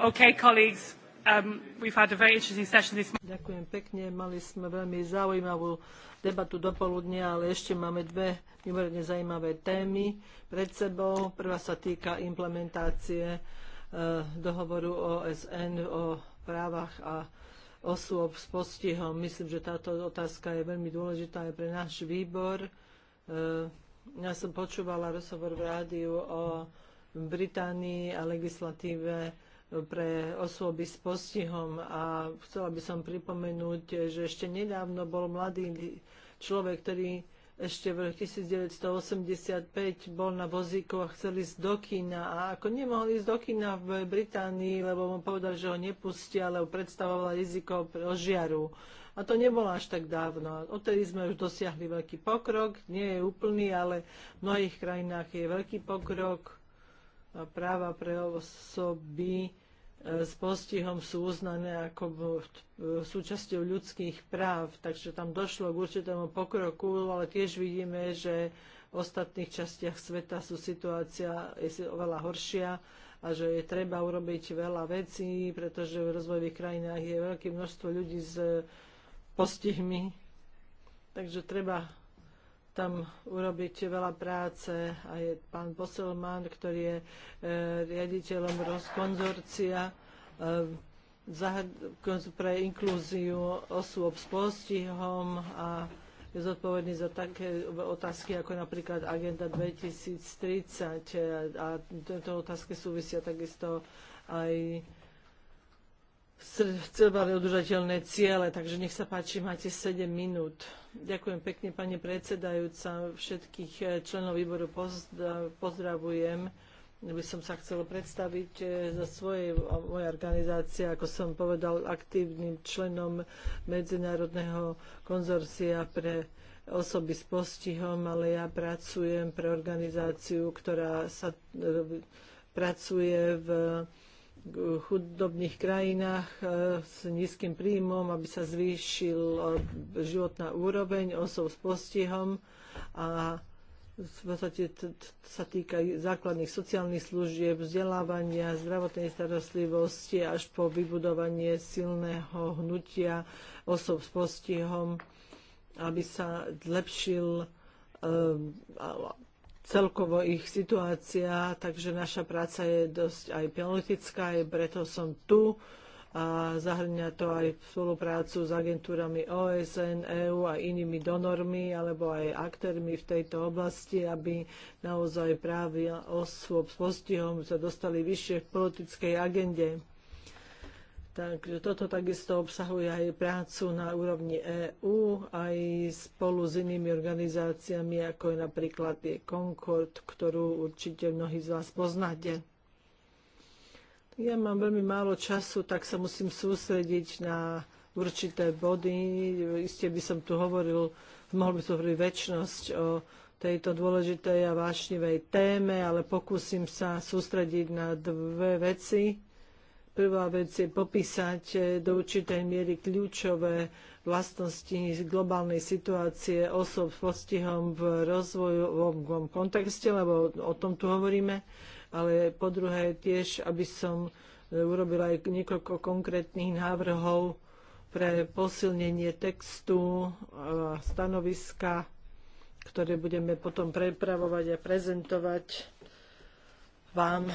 Um, Ďakujem pekne. Mali sme veľmi zaujímavú debatu do poludnia, ale ešte máme dve mimoriadne zaujímavé témy pred sebou. Prvá sa týka implementácie e, dohovoru OSN o právach a osôb s postihom. Myslím, že táto otázka je veľmi dôležitá aj pre náš výbor. E, ja som počúvala rozhovor v rádiu o Británii a legislatíve pre osoby s postihom a chcela by som pripomenúť, že ešte nedávno bol mladý človek, ktorý ešte v roku 1985 bol na vozíku a chcel ísť do kina. A ako nemohol ísť do kina v Británii, lebo mu povedal, že ho nepustia, lebo predstavovala riziko žiaru. A to nebolo až tak dávno. Odtedy sme už dosiahli veľký pokrok. Nie je úplný, ale v mnohých krajinách je veľký pokrok. A práva pre osoby E, s postihom sú uznané ako e, súčasťou ľudských práv, takže tam došlo k určitému pokroku, ale tiež vidíme, že v ostatných častiach sveta sú situácia je oveľa horšia a že je treba urobiť veľa vecí, pretože v rozvojových krajinách je veľké množstvo ľudí s postihmi, takže treba tam urobiť veľa práce a je pán Boselman, ktorý je e, riaditeľom rozkonzorcia e, pre inklúziu osôb s postihom a je zodpovedný za také otázky ako napríklad Agenda 2030 a tieto otázky súvisia takisto aj trvali udržateľné ciele. Takže nech sa páči, máte 7 minút. Ďakujem pekne, pani predsedajúca. Všetkých eh, členov výboru pozdravujem. By som sa chcela predstaviť eh, za svojej moje organizácie, ako som povedal, aktívnym členom Medzinárodného konzorcia pre osoby s postihom, ale ja pracujem pre organizáciu, ktorá sa eh, pracuje v chudobných krajinách e, s nízkym príjmom, aby sa zvýšil e, životná úroveň osob s postihom a v podstate sa týka základných sociálnych služieb, vzdelávania, zdravotnej starostlivosti až po vybudovanie silného hnutia osob s postihom, aby sa zlepšil e, celkovo ich situácia, takže naša práca je dosť aj politická, aj preto som tu a zahrňa to aj spoluprácu s agentúrami OSN, EÚ a inými donormi alebo aj aktérmi v tejto oblasti, aby naozaj práve osôb s postihom sa dostali vyššie v politickej agende. Takže toto takisto obsahuje aj prácu na úrovni EÚ, aj spolu s inými organizáciami, ako je napríklad je Concord, ktorú určite mnohí z vás poznáte. Ja mám veľmi málo času, tak sa musím sústrediť na určité body. Isté by som tu hovoril, mohol by som hovoriť väčšnosť o tejto dôležitej a vášnivej téme, ale pokúsim sa sústrediť na dve veci Prvá vec je popísať e, do určitej miery kľúčové vlastnosti globálnej situácie osob s postihom v rozvojovom kontexte, lebo o tom tu hovoríme, ale po druhé tiež, aby som e, urobila aj niekoľko konkrétnych návrhov pre posilnenie textu a stanoviska, ktoré budeme potom prepravovať a prezentovať vám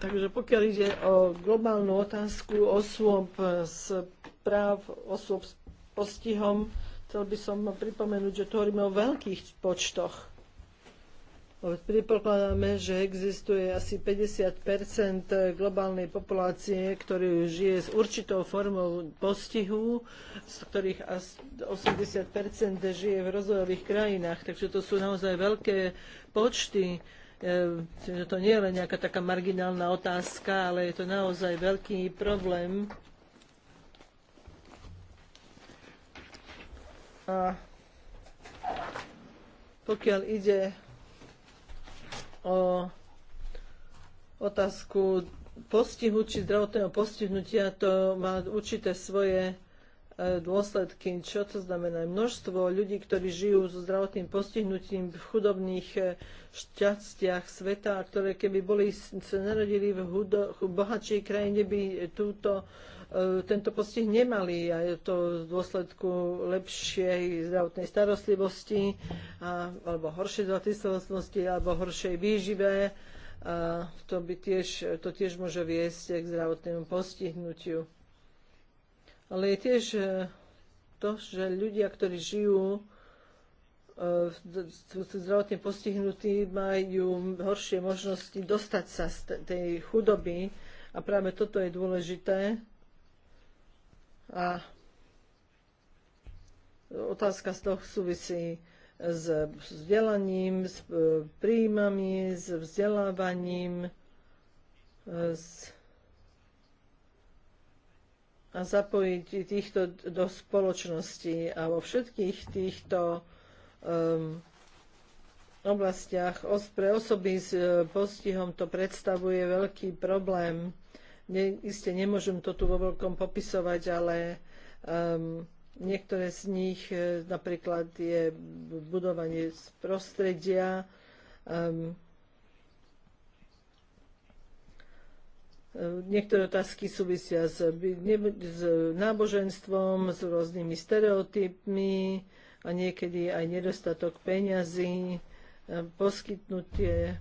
Takže pokiaľ ide o globálnu otázku osôb s práv, osôb s postihom, chcel by som pripomenúť, že to hovoríme o veľkých počtoch. Pripokladáme, že existuje asi 50 globálnej populácie, ktorý žije s určitou formou postihu, z ktorých asi 80 žije v rozvojových krajinách. Takže to sú naozaj veľké počty. E, že to nie je len nejaká taká marginálna otázka, ale je to naozaj veľký problém. A pokiaľ ide o otázku postihu či zdravotného postihnutia, to má určité svoje E, dôsledky, čo to znamená. Množstvo ľudí, ktorí žijú so zdravotným postihnutím v chudobných e, šťastiach sveta, ktoré keby boli, sa narodili v hudo, bohatšej krajine, by túto, e, tento postih nemali. A je to v dôsledku lepšej zdravotnej starostlivosti, a, alebo horšej zdravotnej starostlivosti, alebo horšej výžive. A to, by tiež, to tiež môže viesť k zdravotnému postihnutiu ale je tiež e, to, že ľudia, ktorí žijú e, sú zdravotne postihnutí, majú horšie možnosti dostať sa z tej chudoby a práve toto je dôležité. A otázka z toho súvisí s vzdelaním, s e, príjmami, s vzdelávaním, s a zapojiť týchto do spoločnosti a vo všetkých týchto um, oblastiach pre osoby s e, postihom to predstavuje veľký problém. Ne, iste nemôžem to tu vo veľkom popisovať, ale um, niektoré z nich e, napríklad je budovanie z prostredia, um, E, niektoré otázky súvisia s, s náboženstvom, s rôznymi stereotypmi a niekedy aj nedostatok peňazí, e, poskytnutie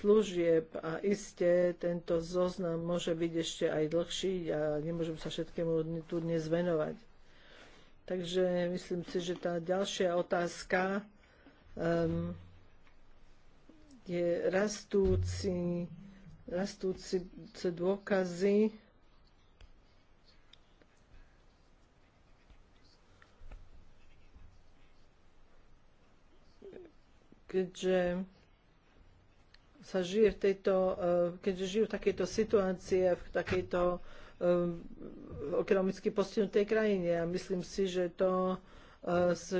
služieb a iste tento zoznam môže byť ešte aj dlhší a nemôžem sa všetkému tu dnes venovať. Takže myslím si, že tá ďalšia otázka um, je rastúci rastúce dôkazy keďže sa žije v tejto, eh, keďže žijú v takejto situácii v takejto eh, ekonomicky postihnutej krajine. A myslím si, že to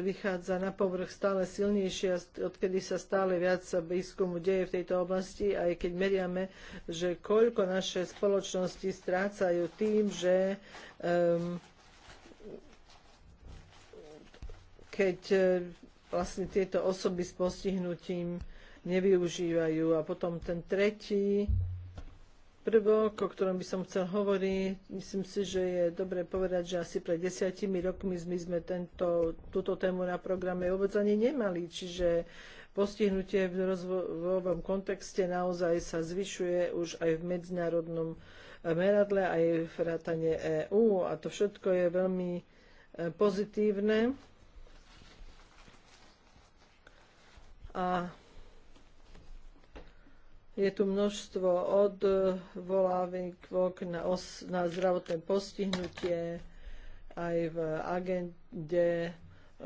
vychádza na povrch stále silnejšie, odkedy sa stále viac výskumu deje v tejto oblasti, aj keď meriame, že koľko naše spoločnosti strácajú tým, že um, keď e, vlastne tieto osoby s postihnutím nevyužívajú. A potom ten tretí Prvo, o ktorom by som chcel hovoriť, myslím si, že je dobre povedať, že asi pred desiatimi rokmi my sme tento, túto tému na programe vôbec ani nemali, čiže postihnutie v rozvojovom kontexte naozaj sa zvyšuje už aj v medzinárodnom meradle, aj v rátane EÚ a to všetko je veľmi e, pozitívne. A je tu množstvo odvolávok na, os, na zdravotné postihnutie aj v agende e,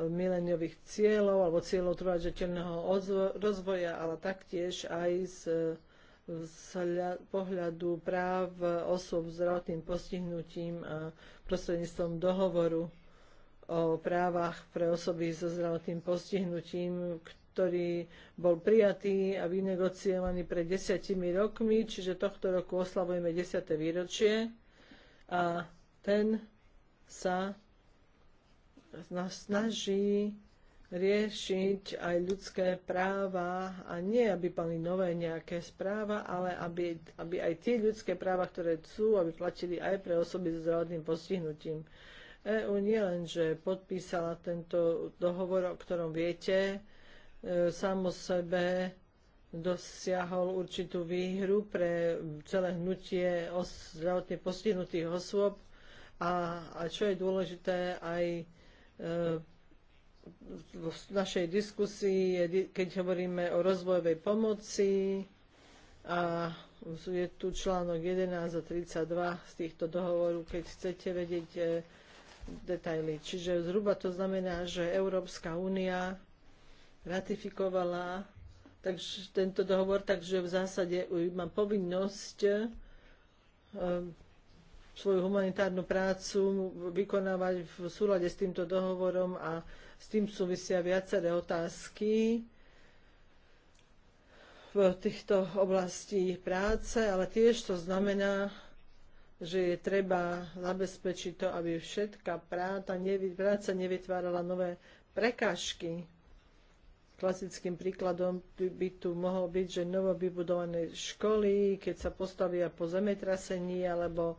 mileniových cieľov alebo cieľov trvážateľného rozvoja, ale taktiež aj z, e, z pohľadu práv osôb s zdravotným postihnutím a prostredníctvom dohovoru o právach pre osoby so zdravotným postihnutím, ktorý bol prijatý a vynegociovaný pred desiatimi rokmi, čiže tohto roku oslavujeme desiate výročie a ten sa snaží riešiť aj ľudské práva a nie, aby boli nové nejaké správa, ale aby, aby aj tie ľudské práva, ktoré sú, aby platili aj pre osoby s zdravotným postihnutím. EÚ nielenže podpísala tento dohovor, o ktorom viete, E, samo sebe dosiahol určitú výhru pre celé hnutie zdravotne postihnutých osôb a, a čo je dôležité aj e, v našej diskusii, keď hovoríme o rozvojovej pomoci a je tu článok 11 a 32 z týchto dohovorov, keď chcete vedieť e, detaily. Čiže zhruba to znamená, že Európska únia ratifikovala takže, tento dohovor, takže v zásade mám povinnosť eh, svoju humanitárnu prácu vykonávať v súlade s týmto dohovorom a s tým súvisia viaceré otázky v týchto oblastí práce, ale tiež to znamená, že je treba zabezpečiť to, aby všetká práca, nevytvárala nové prekážky Klasickým príkladom by tu mohol byť, že novo vybudované školy, keď sa postavia po zemetrasení alebo e,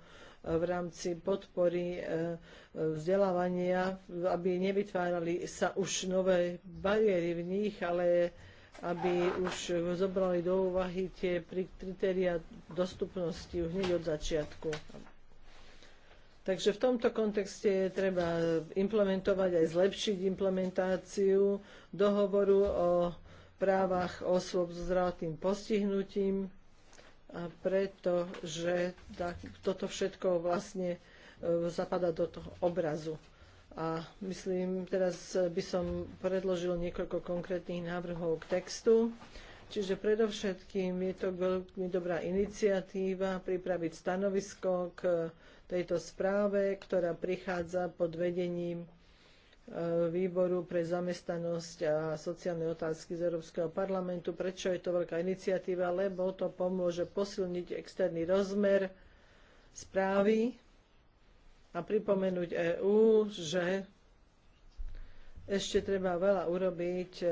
v rámci podpory e, e, vzdelávania, aby nevytvárali sa už nové bariéry v nich, ale aby už zobrali do úvahy tie kritéria dostupnosti hneď od začiatku. Takže v tomto kontexte treba implementovať aj zlepšiť implementáciu dohovoru o právach osôb so zdravotným postihnutím, pretože toto všetko vlastne e, zapadá do toho obrazu. A myslím, teraz by som predložil niekoľko konkrétnych návrhov k textu. Čiže predovšetkým je to veľmi dobrá iniciatíva pripraviť stanovisko k tejto správe, ktorá prichádza pod vedením e, výboru pre zamestnanosť a sociálne otázky z Európskeho parlamentu. Prečo je to veľká iniciatíva? Lebo to pomôže posilniť externý rozmer správy a pripomenúť EÚ, že ešte treba veľa urobiť e,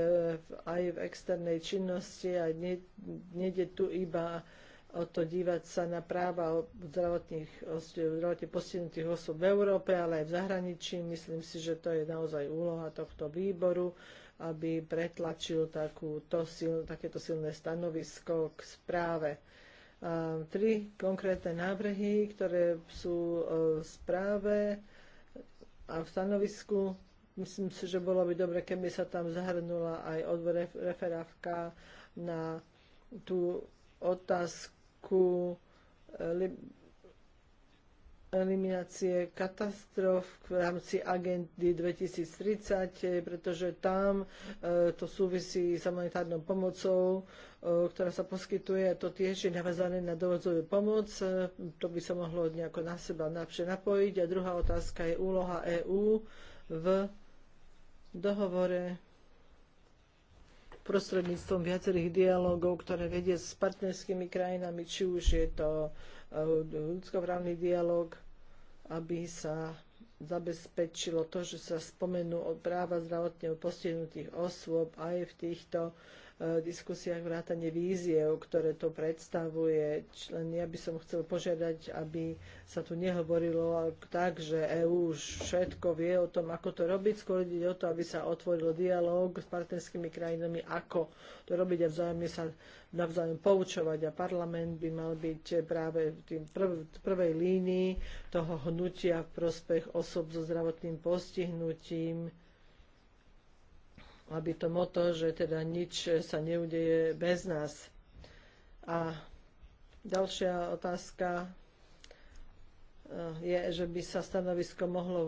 aj v externej činnosti a nejde tu iba o to dívať sa na práva zdravotných, zdravotne postihnutých osôb v Európe, ale aj v zahraničí. Myslím si, že to je naozaj úloha tohto výboru, aby pretlačil takúto sil, takéto silné stanovisko k správe. A tri konkrétne návrhy, ktoré sú e, v správe a v stanovisku Myslím si, že bolo by dobre, keby sa tam zahrnula aj referávka na tú otázku eh, eliminácie katastrof v rámci agendy 2030, eh, pretože tam eh, to súvisí s humanitárnou pomocou, ktorá sa poskytuje a to tiež je navazané na dovozovú pomoc. To by sa mohlo nejako na seba napšie napojiť. A druhá otázka je úloha EÚ v dohovore prostredníctvom viacerých dialogov, ktoré vedie s partnerskými krajinami, či už je to e, ľudskoprávny dialog, aby sa zabezpečilo to, že sa spomenú o práva zdravotne postihnutých osôb aj v týchto Eh, diskusiách vrátane víziev, ktoré to predstavuje. Len ja by som chcel požiadať, aby sa tu nehovorilo tak, že EÚ všetko vie o tom, ako to robiť, skôr ide o to, aby sa otvoril dialog s partnerskými krajinami, ako to robiť a vzájomne sa navzájom poučovať a parlament by mal byť práve v tým prv, prvej línii toho hnutia v prospech osob so zdravotným postihnutím, aby to moto, že teda nič sa neudeje bez nás. A ďalšia otázka eh, je, že by sa stanovisko mohlo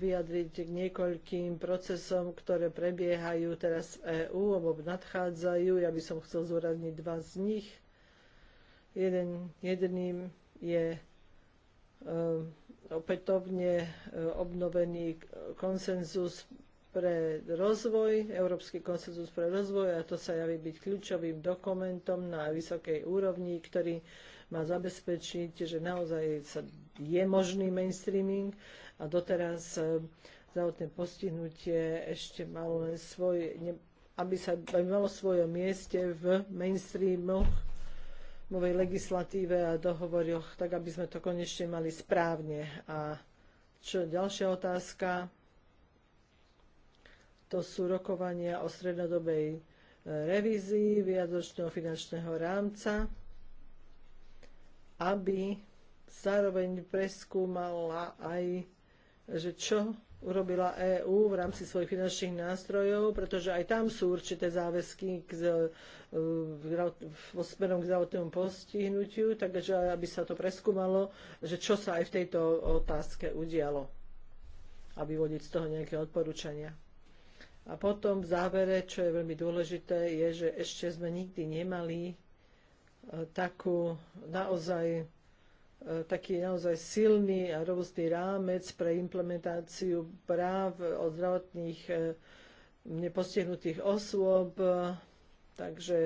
vyjadriť k niekoľkým procesom, ktoré prebiehajú teraz v EÚ alebo nadchádzajú. Ja by som chcel zúradniť dva z nich. Jeden, jedným je um, opätovne eh, obnovený konsenzus pre rozvoj, Európsky konsenzus pre rozvoj a to sa javí byť kľúčovým dokumentom na vysokej úrovni, ktorý má zabezpečiť, že naozaj sa je možný mainstreaming a doteraz e, zdravotné postihnutie ešte malo len svoj, ne, aby sa aby malo svoje mieste v mainstreamoch novej legislatíve a dohovoroch, tak aby sme to konečne mali správne. A čo ďalšia otázka? To sú rokovania o strednodobej e, revízii viadočného finančného rámca, aby zároveň preskúmala aj, že čo urobila EÚ v rámci svojich finančných nástrojov, pretože aj tam sú určité záväzky k, e, vo smerom k zdravotnému postihnutiu, takže aby sa to preskúmalo, že čo sa aj v tejto otázke udialo a vyvodiť z toho nejaké odporúčania. A potom v závere, čo je veľmi dôležité, je, že ešte sme nikdy nemali e, takú naozaj e, taký naozaj silný a robustný rámec pre implementáciu práv od zdravotných e, nepostihnutých osôb. Takže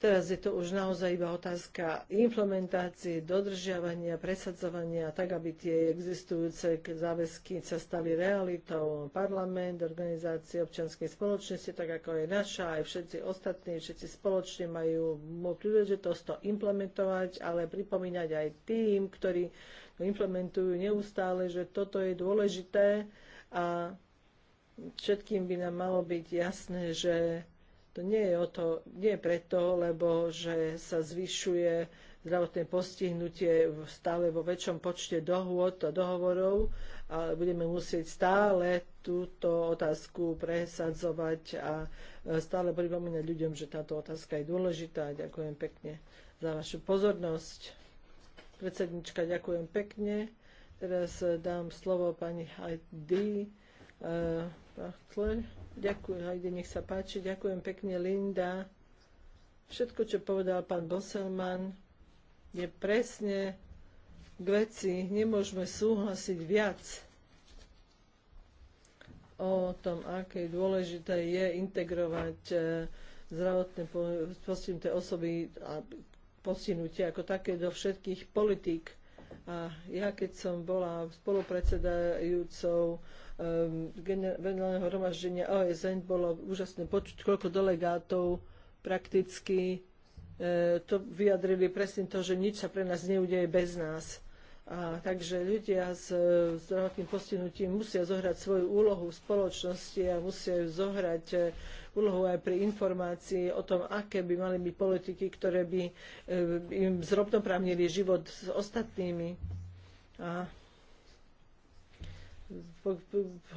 Teraz je to už naozaj iba otázka implementácie, dodržiavania, presadzovania, tak aby tie existujúce záväzky sa stali realitou. Parlament, organizácie občianskej spoločnosti, tak ako je naša, aj všetci ostatní, všetci spoločne majú príležitosť to implementovať, ale pripomínať aj tým, ktorí to implementujú neustále, že toto je dôležité a všetkým by nám malo byť jasné, že to nie je, o to, nie je preto, lebo že sa zvyšuje zdravotné postihnutie stále vo väčšom počte dohôd a dohovorov, ale budeme musieť stále túto otázku presadzovať a e, stále pripomínať ľuďom, že táto otázka je dôležitá. Ďakujem pekne za vašu pozornosť. Predsednička, ďakujem pekne. Teraz e, dám slovo pani Heidi e, Bachtler. Ďakujem, Heidi, nech sa páči. Ďakujem pekne, Linda. Všetko, čo povedal pán Boselman, je presne k veci. Nemôžeme súhlasiť viac o tom, aké dôležité je integrovať e, zdravotné postihnuté osoby a postihnutie ako také do všetkých politík. A ja, keď som bola spolupredsedajúcou Ehm, generálneho hromaždenia OSN bolo úžasné počuť, koľko delegátov prakticky e, to vyjadrili presne to, že nič sa pre nás neudeje bez nás. A, takže ľudia s zdravotným postihnutím musia zohrať svoju úlohu v spoločnosti a musia zohrať e, úlohu aj pri informácii o tom, aké by mali byť politiky, ktoré by e, im zrovnoprávnili život s ostatnými. A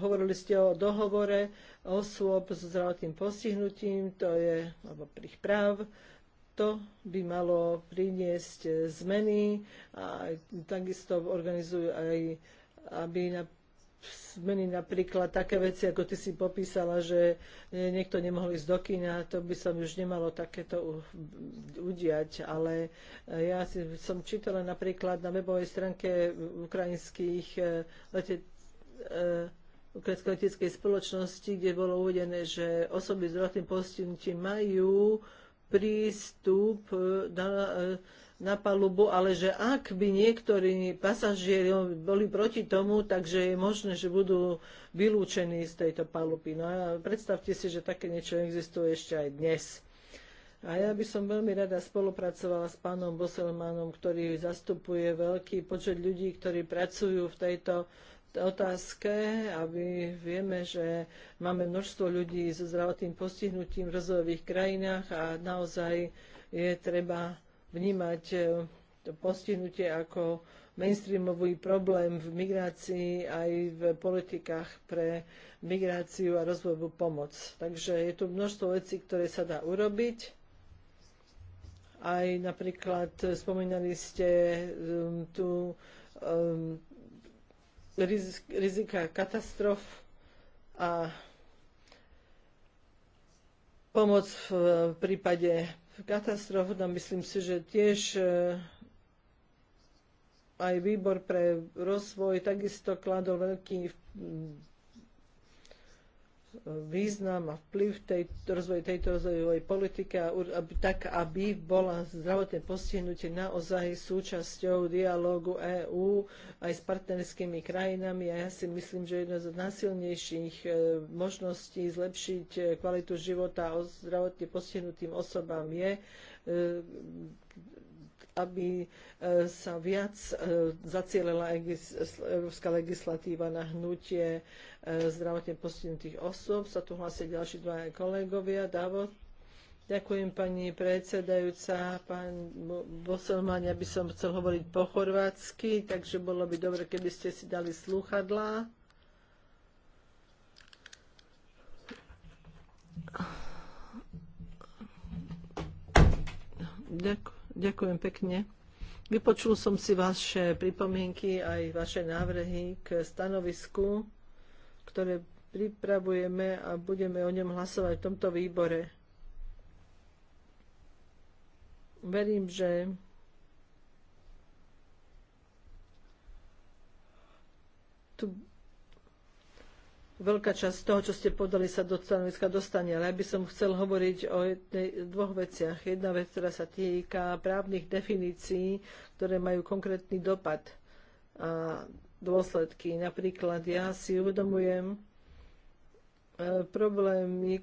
hovorili ste o dohovore osôb so zdravotným postihnutím, to je, alebo ich práv, to by malo priniesť zmeny a takisto organizujú aj, aby na zmeny napríklad také veci, ako ty si popísala, že niekto nemohol ísť do kina, to by som už nemalo takéto udiať, ale ja si, som čítala napríklad na webovej stránke ukrajinských eh, letet E, kretkoetickej spoločnosti, kde bolo uvedené, že osoby s zdravotným postihnutím majú prístup e, na, e, na palubu, ale že ak by niektorí pasažieri boli proti tomu, takže je možné, že budú vylúčení z tejto paluby. No a predstavte si, že také niečo existuje ešte aj dnes. A ja by som veľmi rada spolupracovala s pánom Boselmanom, ktorý zastupuje veľký počet ľudí, ktorí pracujú v tejto otázke, aby vieme, že máme množstvo ľudí so zdravotným postihnutím v rozvojových krajinách a naozaj je treba vnímať eh, to postihnutie ako mainstreamový problém v migrácii aj v politikách pre migráciu a rozvojovú pomoc. Takže je tu množstvo vecí, ktoré sa dá urobiť. Aj napríklad eh, spomínali ste um, tu um, rizika katastrof a pomoc v prípade katastrof. No myslím si, že tiež e, aj výbor pre rozvoj takisto kladol veľký význam a vplyv tej, rozvoju tejto rozvojovej politiky, aby, tak aby bola zdravotné postihnutie naozaj súčasťou dialógu EÚ aj s partnerskými krajinami. A ja si myslím, že jedna z najsilnejších e, možností zlepšiť e, kvalitu života o zdravotne postihnutým osobám je e, aby sa viac zacielila európska legislatíva na hnutie E, zdravotne postihnutých osôb. Sa tu hlasia ďalší dva kolegovia. Davo, Ďakujem pani predsedajúca. Pán Boselman, ja by som chcel hovoriť po chorvátsky, takže bolo by dobre, keby ste si dali slúchadlá. Ďakujem pekne. Vypočul som si vaše pripomienky aj vaše návrhy k stanovisku ktoré pripravujeme a budeme o ňom hlasovať v tomto výbore. Verím, že tu veľká časť toho, čo ste podali, sa do stanoviska dostane. Ale ja by som chcel hovoriť o jednej, dvoch veciach. Jedna vec, ktorá sa týka právnych definícií, ktoré majú konkrétny dopad. A dôsledky. Napríklad ja si uvedomujem e, problémy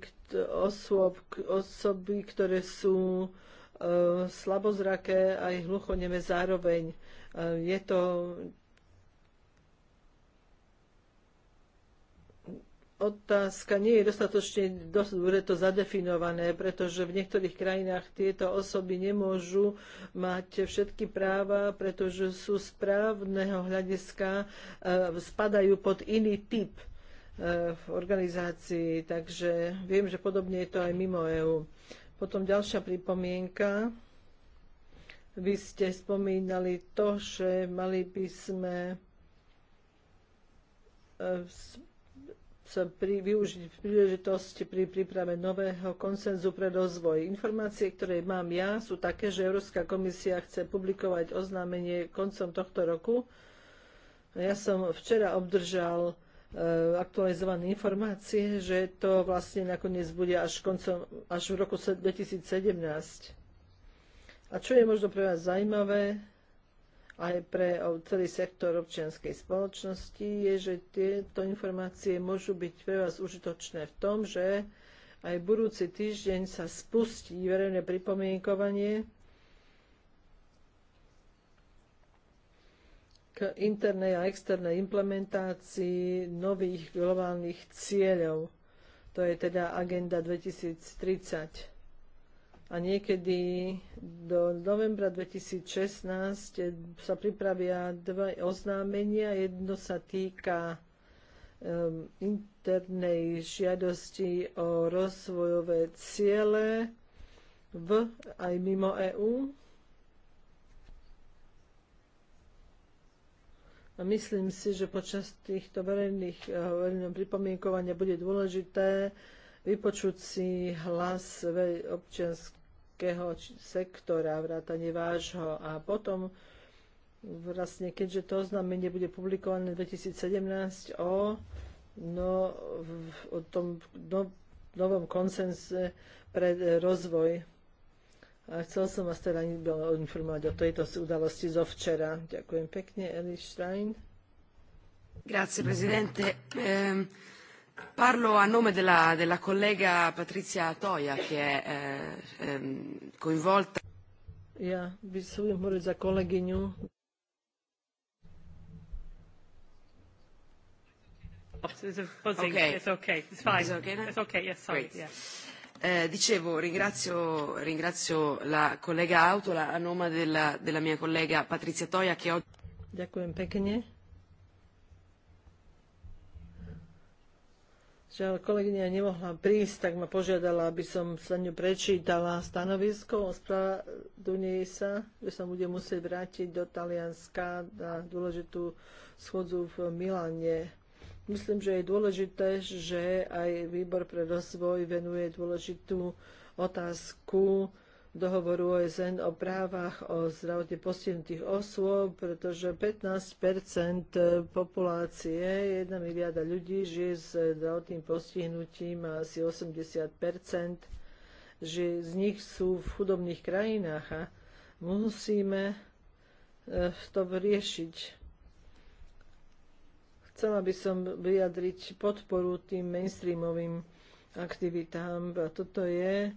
osôb, osoby, ktoré sú e, slabozraké aj hluchoneme zároveň. E, je to otázka nie je dostatočne dobre to zadefinované, pretože v niektorých krajinách tieto osoby nemôžu mať všetky práva, pretože sú z právneho hľadiska, eh, spadajú pod iný typ eh, v organizácii, takže viem, že podobne je to aj mimo EÚ. Potom ďalšia pripomienka. Vy ste spomínali to, že mali by sme eh, chcem pri, využiť príležitosť pri príprave nového konsenzu pre rozvoj. Informácie, ktoré mám ja, sú také, že Európska komisia chce publikovať oznámenie koncom tohto roku. Ja som včera obdržal e, aktualizované informácie, že to vlastne nakoniec bude až, koncom, až v roku 2017. A čo je možno pre vás zaujímavé, aj pre celý sektor občianskej spoločnosti, je, že tieto informácie môžu byť pre vás užitočné v tom, že aj budúci týždeň sa spustí verejné pripomienkovanie k internej a externej implementácii nových globálnych cieľov. To je teda Agenda 2030 a niekedy do novembra 2016 sa pripravia dva oznámenia. Jedno sa týka um, internej žiadosti o rozvojové ciele v aj mimo EÚ. A myslím si, že počas týchto verejných eh, verejných pripomienkovania bude dôležité vypočuť si hlas občiansk všetkého sektora, vrátane vášho. A potom, vlastne, keďže to oznámenie bude publikované 2017 o, no, v, o tom no, novom konsense pre rozvoj. A chcel som vás teda informovať o tejto udalosti zo včera. Ďakujem pekne, Eli Stein. Grazie, prezidente. Um... Ehm, Parlo a nome della, della collega Patrizia Toia, che è eh, ehm, coinvolta. Ja by som hovoril za kolegyňu. Eh, dicevo, ringrazio, ringrazio la collega Autola a nome della, della mia collega Patrizia Toia che oggi... Ďakujem pekne Žiaľ, kolegyňa nemohla prísť, tak ma požiadala, aby som sa ňu prečítala stanovisko. Ospravedlňuje sa, že sa bude musieť vrátiť do Talianska na dôležitú schodzu v Miláne. Myslím, že je dôležité, že aj výbor pre rozvoj venuje dôležitú otázku dohovoru OSN o právach o zdravotne postihnutých osôb, pretože 15 populácie, 1 miliarda ľudí žije s zdravotným postihnutím a asi 80 že z nich sú v chudobných krajinách a musíme e, to riešiť. Chcela by som vyjadriť podporu tým mainstreamovým aktivitám a toto je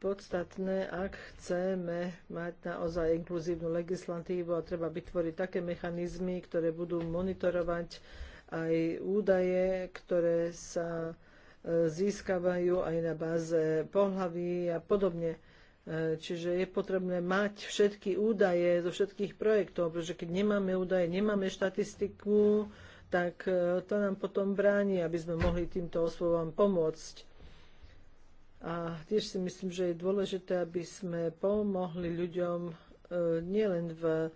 podstatné, ak chceme mať naozaj inkluzívnu legislatívu a treba vytvoriť také mechanizmy, ktoré budú monitorovať aj údaje, ktoré sa e, získavajú aj na báze pohľaví a podobne. E, čiže je potrebné mať všetky údaje zo všetkých projektov, pretože keď nemáme údaje, nemáme štatistiku, tak e, to nám potom bráni, aby sme mohli týmto osobám pomôcť. A tiež si myslím, že je dôležité, aby sme pomohli ľuďom e, nielen v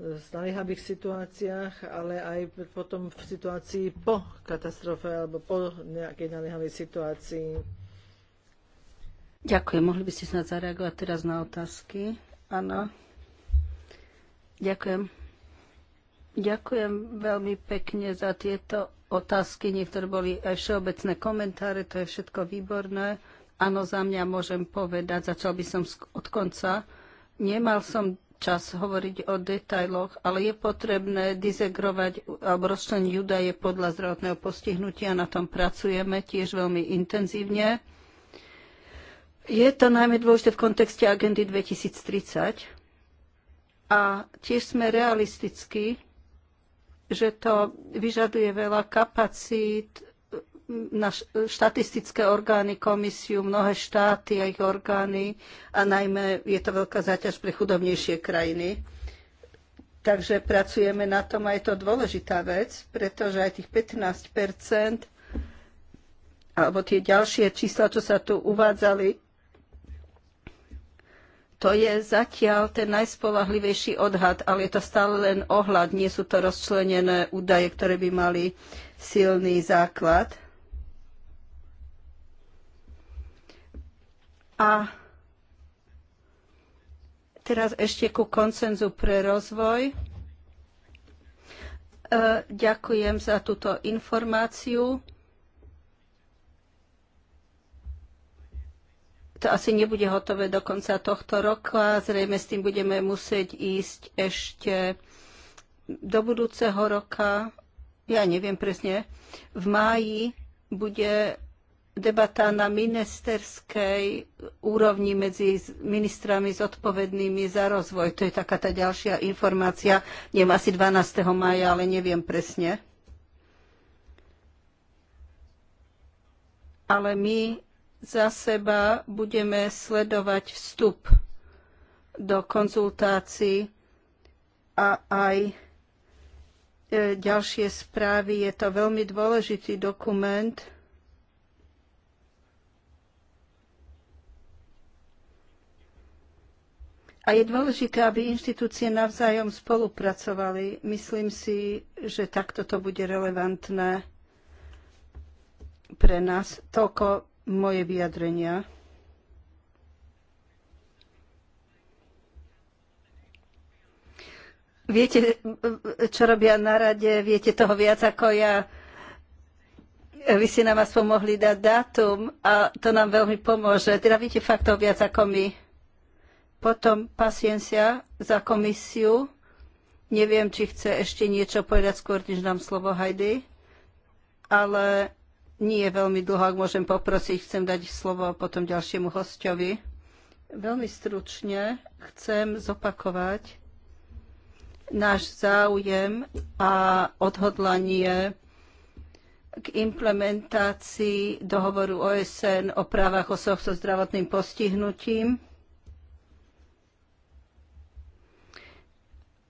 e, naliehavých situáciách, ale aj potom v situácii po katastrofe alebo po nejakej naliehavej situácii. Ďakujem. Mohli by ste snad zareagovať teraz na otázky? Áno. Ďakujem. Ďakujem veľmi pekne za tieto otázky. Niektoré boli aj všeobecné komentáre. To je všetko výborné. Áno, za mňa môžem povedať, začal by som od konca. Nemal som čas hovoriť o detailoch, ale je potrebné dizegrovať alebo rozčleniť údaje podľa zdravotného postihnutia. Na tom pracujeme tiež veľmi intenzívne. Je to najmä dôležité v kontexte agendy 2030. A tiež sme realistickí, že to vyžaduje veľa kapacít na štatistické orgány, komisiu, mnohé štáty a ich orgány a najmä je to veľká záťaž pre chudobnejšie krajiny. Takže pracujeme na tom a je to dôležitá vec, pretože aj tých 15 alebo tie ďalšie čísla, čo sa tu uvádzali, to je zatiaľ ten najspolahlivejší odhad, ale je to stále len ohľad, nie sú to rozčlenené údaje, ktoré by mali silný základ. A teraz ešte ku koncenzu pre rozvoj. E, ďakujem za túto informáciu. To asi nebude hotové do konca tohto roka. Zrejme s tým budeme musieť ísť ešte do budúceho roka. Ja neviem presne. V máji bude debata na ministerskej úrovni medzi ministrami zodpovednými za rozvoj. To je taká tá ďalšia informácia. Neviem, asi 12. maja, ale neviem presne. Ale my za seba budeme sledovať vstup do konzultácií a aj e, ďalšie správy. Je to veľmi dôležitý dokument, A je dôležité, aby inštitúcie navzájom spolupracovali. Myslím si, že takto to bude relevantné pre nás. Toľko moje vyjadrenia. Viete, čo robia na rade, viete toho viac ako ja. Vy ste nám aspoň mohli dať dátum a to nám veľmi pomôže. Teda viete faktov viac ako my. Potom paciencia za komisiu. Neviem, či chce ešte niečo povedať skôr, než dám slovo Heidi, ale nie je veľmi dlho, ak môžem poprosiť, chcem dať slovo potom ďalšiemu hostovi. Veľmi stručne chcem zopakovať náš záujem a odhodlanie k implementácii dohovoru OSN o právach osob so zdravotným postihnutím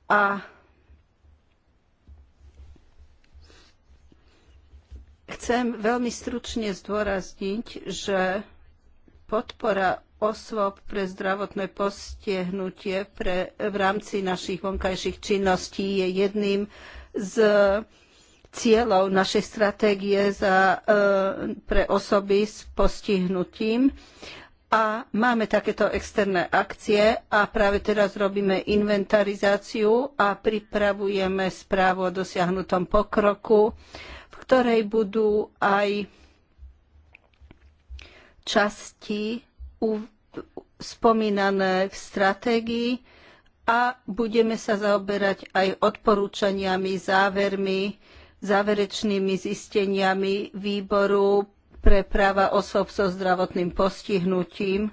A chcem veľmi stručne zdôrazniť, že podpora osôb pre zdravotné postihnutie pre, v rámci našich vonkajších činností je jedným z cieľov našej stratégie za, e, pre osoby s postihnutím a máme takéto externé akcie a práve teraz robíme inventarizáciu a pripravujeme správu o dosiahnutom pokroku, v ktorej budú aj časti spomínané v stratégii a budeme sa zaoberať aj odporúčaniami, závermi, záverečnými zisteniami výboru pre práva osob so zdravotným postihnutím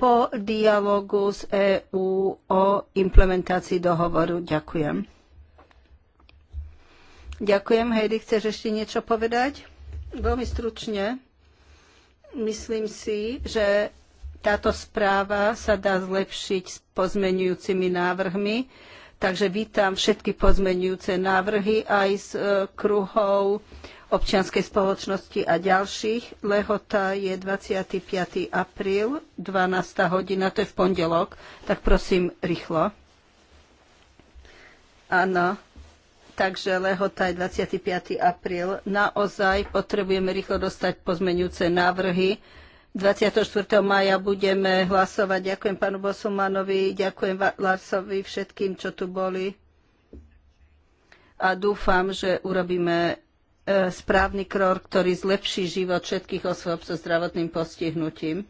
po dialogu s EÚ o implementácii dohovoru. Ďakujem. Ďakujem. Heidi, chceš ešte niečo povedať? Veľmi stručne. Myslím si, že táto správa sa dá zlepšiť s pozmenujúcimi návrhmi, takže vítam všetky pozmenujúce návrhy aj z e, kruhov občianskej spoločnosti a ďalších. Lehota je 25. apríl, 12. hodina, to je v pondelok, tak prosím rýchlo. Áno, takže lehota je 25. apríl. Naozaj potrebujeme rýchlo dostať pozmenujúce návrhy. 24. maja budeme hlasovať. Ďakujem pánu Bosumanovi, ďakujem Larsovi, všetkým, čo tu boli. A dúfam, že urobíme správny krok, ktorý zlepší život všetkých osôb so zdravotným postihnutím.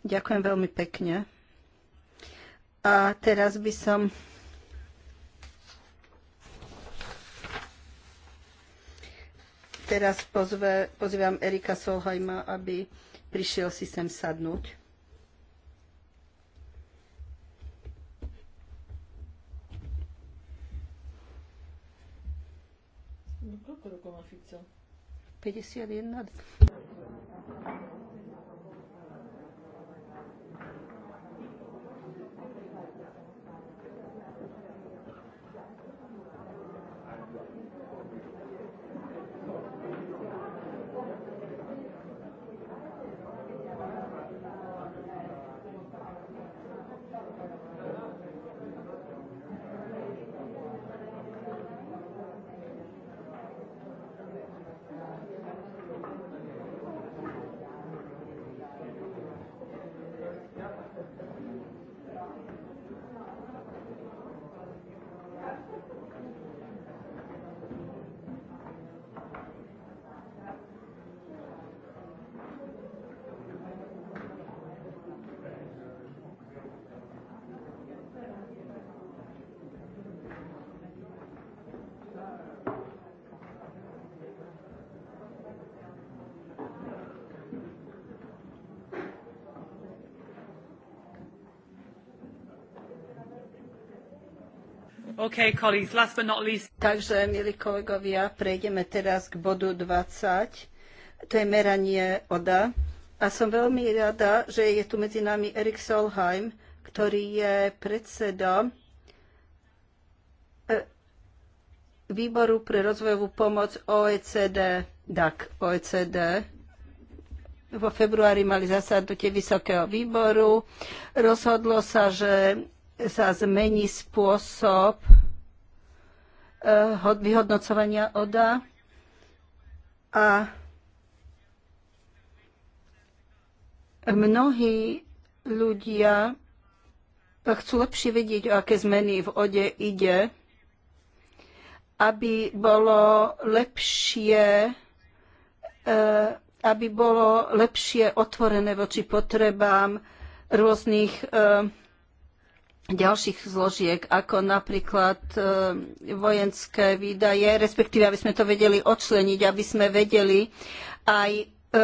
Ďakujem veľmi pekne. A teraz by som teraz pozve, pozývam Erika Solheima, aby prišiel si sem sadnúť. rokov má Fico. 51. Okay, colleagues, last but not least. Takže, milí kolegovia, prejdeme teraz k bodu 20. To je meranie ODA. A som veľmi rada, že je tu medzi nami Erik Solheim, ktorý je predsedom e, Výboru pre rozvojovú pomoc OECD, DAC OECD, vo februári mali zasadnutie Vysokého výboru. Rozhodlo sa, že sa zmení spôsob Eh, vyhodnocovania ODA a mnohí ľudia chcú lepšie vedieť, o aké zmeny v ode ide, aby bolo lepšie eh, aby bolo lepšie otvorené voči potrebám rôznych eh, ďalších zložiek, ako napríklad e, vojenské výdaje, respektíve aby sme to vedeli odčleniť, aby sme vedeli aj e, e,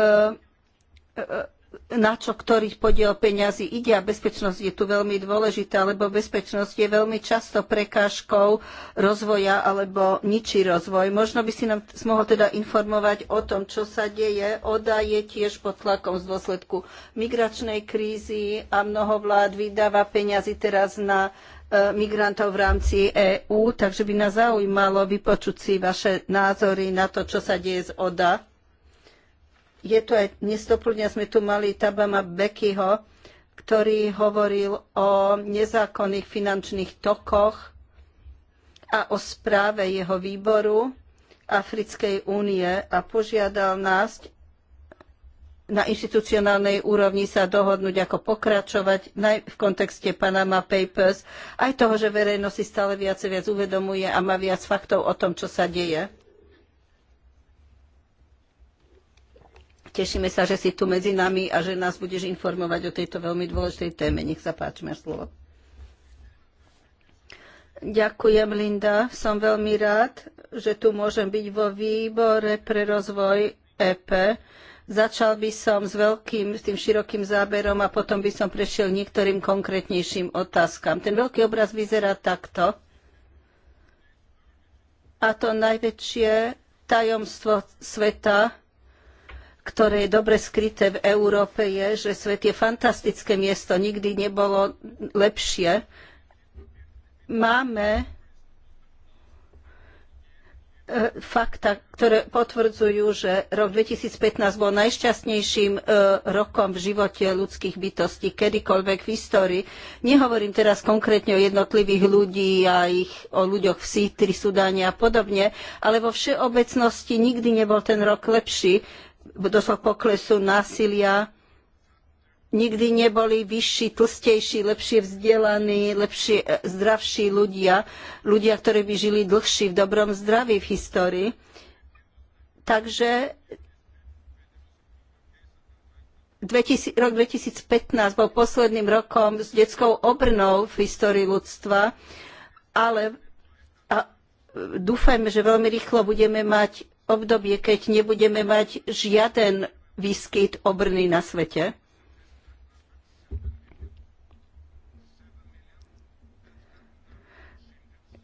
na čo ktorých podiel peňazí ide a bezpečnosť je tu veľmi dôležitá, lebo bezpečnosť je veľmi často prekážkou rozvoja alebo ničí rozvoj. Možno by si nám mohol teda informovať o tom, čo sa deje. ODA je tiež pod tlakom z dôsledku migračnej krízy a mnoho vlád vydáva peňazí teraz na e, migrantov v rámci EÚ, takže by nás zaujímalo vypočuť si vaše názory na to, čo sa deje z ODA je to aj, dnes sme tu mali Tabama Bekyho, ktorý hovoril o nezákonných finančných tokoch a o správe jeho výboru Africkej únie a požiadal nás na inštitucionálnej úrovni sa dohodnúť, ako pokračovať v kontexte Panama Papers, aj toho, že verejnosť si stále viac a viac uvedomuje a má viac faktov o tom, čo sa deje. Tešíme sa, že si tu medzi nami a že nás budeš informovať o tejto veľmi dôležitej téme. Nech sa páči, máš slovo. Ďakujem, Linda. Som veľmi rád, že tu môžem byť vo výbore pre rozvoj EP. Začal by som s veľkým, s tým širokým záberom a potom by som prešiel niektorým konkrétnejším otázkam. Ten veľký obraz vyzerá takto. A to najväčšie tajomstvo sveta ktoré je dobre skryté v Európe, je, že svet je fantastické miesto, nikdy nebolo lepšie. Máme e, fakta, ktoré potvrdzujú, že rok 2015 bol najšťastnejším e, rokom v živote ľudských bytostí kedykoľvek v histórii. Nehovorím teraz konkrétne o jednotlivých ľudí a ich, o ľuďoch v Sýtri, Sudáne a podobne, ale vo všeobecnosti nikdy nebol ten rok lepší došlo k poklesu násilia. Nikdy neboli vyšší, tlstejší, lepšie vzdelaní, lepšie, e, zdravší ľudia, ľudia, ktorí by žili dlhší v dobrom zdraví v histórii. Takže rok 2015 bol posledným rokom s detskou obrnou v histórii ľudstva, ale a e, dúfajme, že veľmi rýchlo budeme mať obdobie, keď nebudeme mať žiaden výskyt obrny na svete.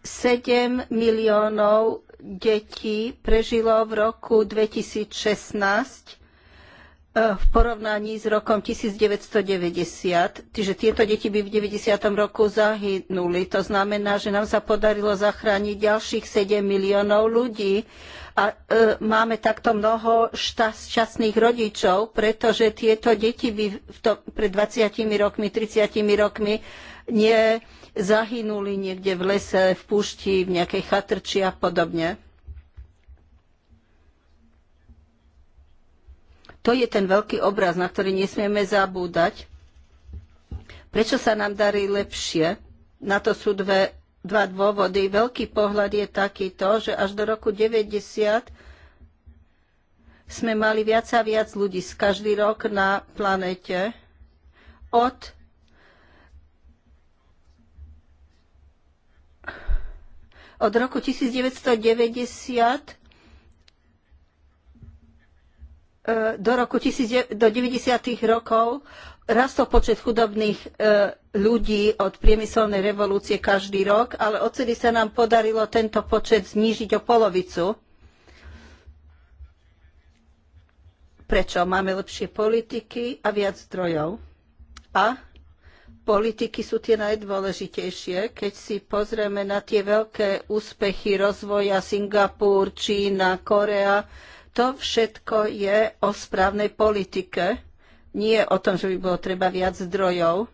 Sedem miliónov detí prežilo v roku 2016 E, v porovnaní s rokom 1990, čiže tieto deti by v 90. roku zahynuli. To znamená, že nám sa podarilo zachrániť ďalších 7 miliónov ľudí a e, máme takto mnoho šťastných rodičov, pretože tieto deti by v to, pred 20 rokmi, 30 rokmi nezahynuli niekde v lese, v púšti, v nejakej chatrči a podobne. To je ten veľký obraz, na ktorý nesmieme zabúdať. Prečo sa nám darí lepšie? Na to sú dve, dva dôvody. Veľký pohľad je takýto, že až do roku 90 sme mali viac a viac ľudí z každý rok na planete od od roku 1990 E, do roku do 90. rokov rastol počet chudobných e, ľudí od priemyselnej revolúcie každý rok, ale odsedy sa nám podarilo tento počet znížiť o polovicu. Prečo? Máme lepšie politiky a viac zdrojov. A politiky sú tie najdôležitejšie. Keď si pozrieme na tie veľké úspechy rozvoja Singapur, Čína, Korea, to všetko je o správnej politike, nie o tom, že by bolo treba viac zdrojov.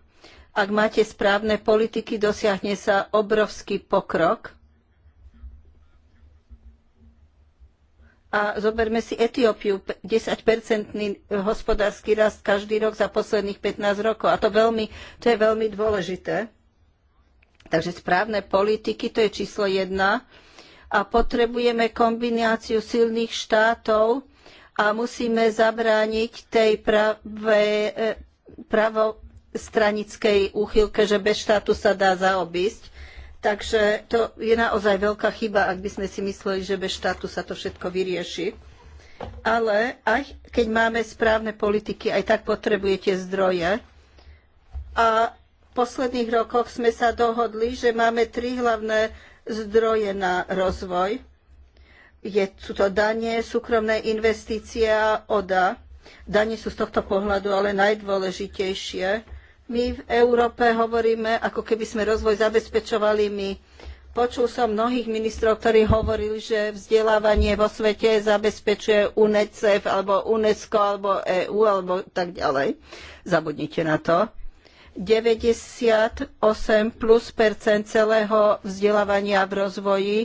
Ak máte správne politiky, dosiahne sa obrovský pokrok. A zoberme si Etiópiu, 10-percentný hospodársky rast každý rok za posledných 15 rokov. A to, veľmi, to je veľmi dôležité. Takže správne politiky, to je číslo jedna a potrebujeme kombináciu silných štátov a musíme zabrániť tej pravé, e, pravostranickej úchylke, že bez štátu sa dá zaobísť. Takže to je naozaj veľká chyba, ak by sme si mysleli, že bez štátu sa to všetko vyrieši. Ale aj keď máme správne politiky, aj tak potrebujete zdroje. A v posledných rokoch sme sa dohodli, že máme tri hlavné zdroje na rozvoj. Je, sú to danie, súkromné investície a ODA. Danie sú z tohto pohľadu ale najdôležitejšie. My v Európe hovoríme, ako keby sme rozvoj zabezpečovali my. Počul som mnohých ministrov, ktorí hovorili, že vzdelávanie vo svete zabezpečuje UNICEF alebo UNESCO alebo EU alebo tak ďalej. Zabudnite na to. 98 plus percent celého vzdelávania v rozvoji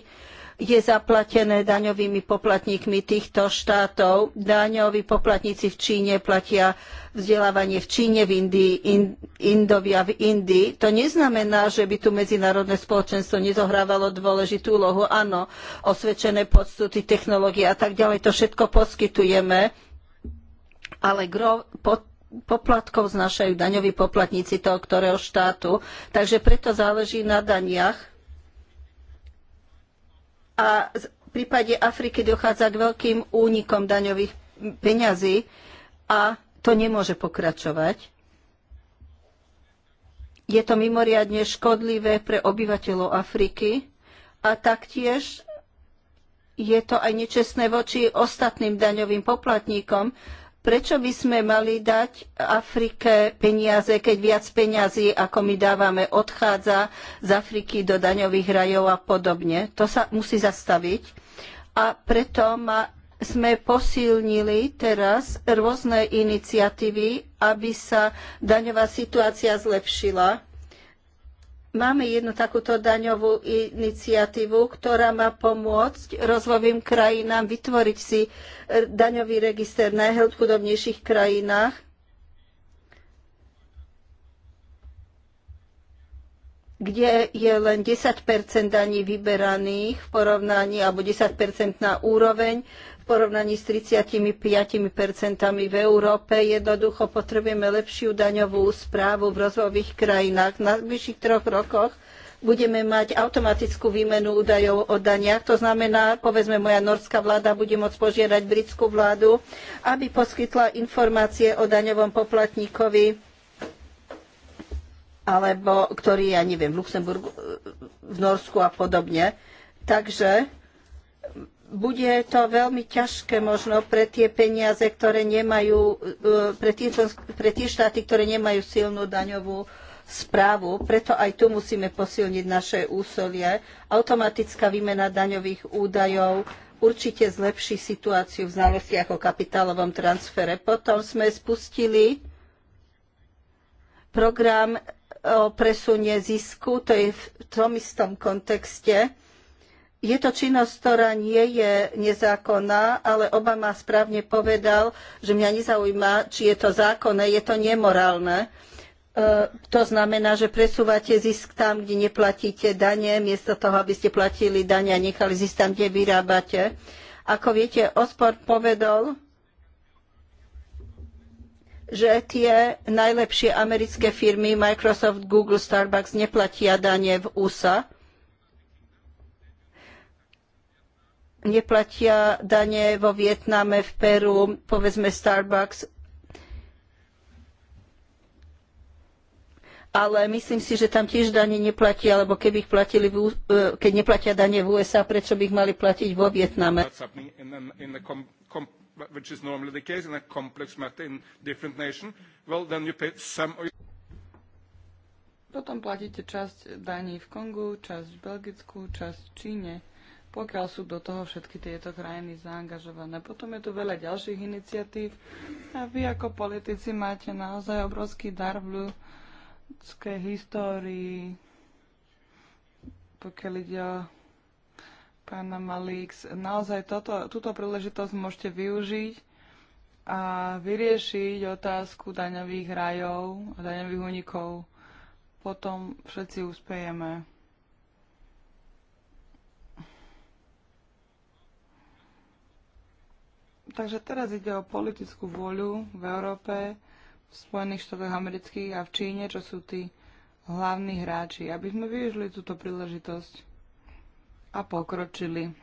je zaplatené daňovými poplatníkmi týchto štátov. Daňoví poplatníci v Číne platia vzdelávanie v Číne, v Indii, in, Indovia v Indii. To neznamená, že by tu medzinárodné spoločenstvo nezohrávalo dôležitú úlohu. Áno, osvedčené podstuty, technológie a tak ďalej, to všetko poskytujeme. Ale gro, pod, poplatkov znašajú daňoví poplatníci toho ktorého štátu. Takže preto záleží na daniach. A v prípade Afriky dochádza k veľkým únikom daňových peňazí a to nemôže pokračovať. Je to mimoriadne škodlivé pre obyvateľov Afriky a taktiež je to aj nečestné voči ostatným daňovým poplatníkom, Prečo by sme mali dať Afrike peniaze, keď viac peňazí, ako my dávame, odchádza z Afriky do daňových rajov a podobne? To sa musí zastaviť. A preto ma, sme posilnili teraz rôzne iniciatívy, aby sa daňová situácia zlepšila Máme jednu takúto daňovú iniciatívu, ktorá má pomôcť rozvojovým krajinám vytvoriť si e, daňový register na najchudobnejších krajinách. kde je len 10 daní vyberaných v porovnaní, alebo 10 na úroveň porovnaní s 35% v Európe. Jednoducho potrebujeme lepšiu daňovú správu v rozvojových krajinách. Na najbližších troch rokoch budeme mať automatickú výmenu údajov o daniach. To znamená, povedzme, moja norská vláda bude môcť požiadať britskú vládu, aby poskytla informácie o daňovom poplatníkovi alebo ktorý, ja neviem, v Luxemburgu, v Norsku a podobne. Takže bude to veľmi ťažké možno pre tie peniaze, ktoré nemajú, e, pre tie, pre tie štáty, ktoré nemajú silnú daňovú správu. Preto aj tu musíme posilniť naše úsolie. Automatická výmena daňových údajov určite zlepší situáciu v znalostiach o kapitálovom transfere. Potom sme spustili program o presunie zisku, to je v tom istom kontexte je to činnosť, ktorá nie je nezákonná, ale Obama správne povedal, že mňa nezaujíma, či je to zákonné, je to nemorálne. E, to znamená, že presúvate zisk tam, kde neplatíte dane, miesto toho, aby ste platili dane a nechali zisk tam, kde vyrábate. Ako viete, Ospor povedal, že tie najlepšie americké firmy Microsoft, Google, Starbucks neplatia dane v USA neplatia dane vo Vietname, v Peru, povedzme Starbucks. Ale myslím si, že tam tiež dane neplatia, alebo keby ich platili, v, e, keď neplatia dane v USA, prečo by ich mali platiť vo Vietname? Potom platíte časť daní v Kongu, časť v Belgicku, časť v Číne pokiaľ sú do toho všetky tieto krajiny zaangažované. Potom je tu veľa ďalších iniciatív a vy ako politici máte naozaj obrovský dar v ľudskej histórii, pokiaľ ide o pána Malíks. Naozaj toto, túto príležitosť môžete využiť a vyriešiť otázku daňových rajov a daňových unikov. Potom všetci uspejeme. Takže teraz ide o politickú voľu v Európe, v Spojených štátoch amerických a v Číne, čo sú tí hlavní hráči, aby sme využili túto príležitosť a pokročili.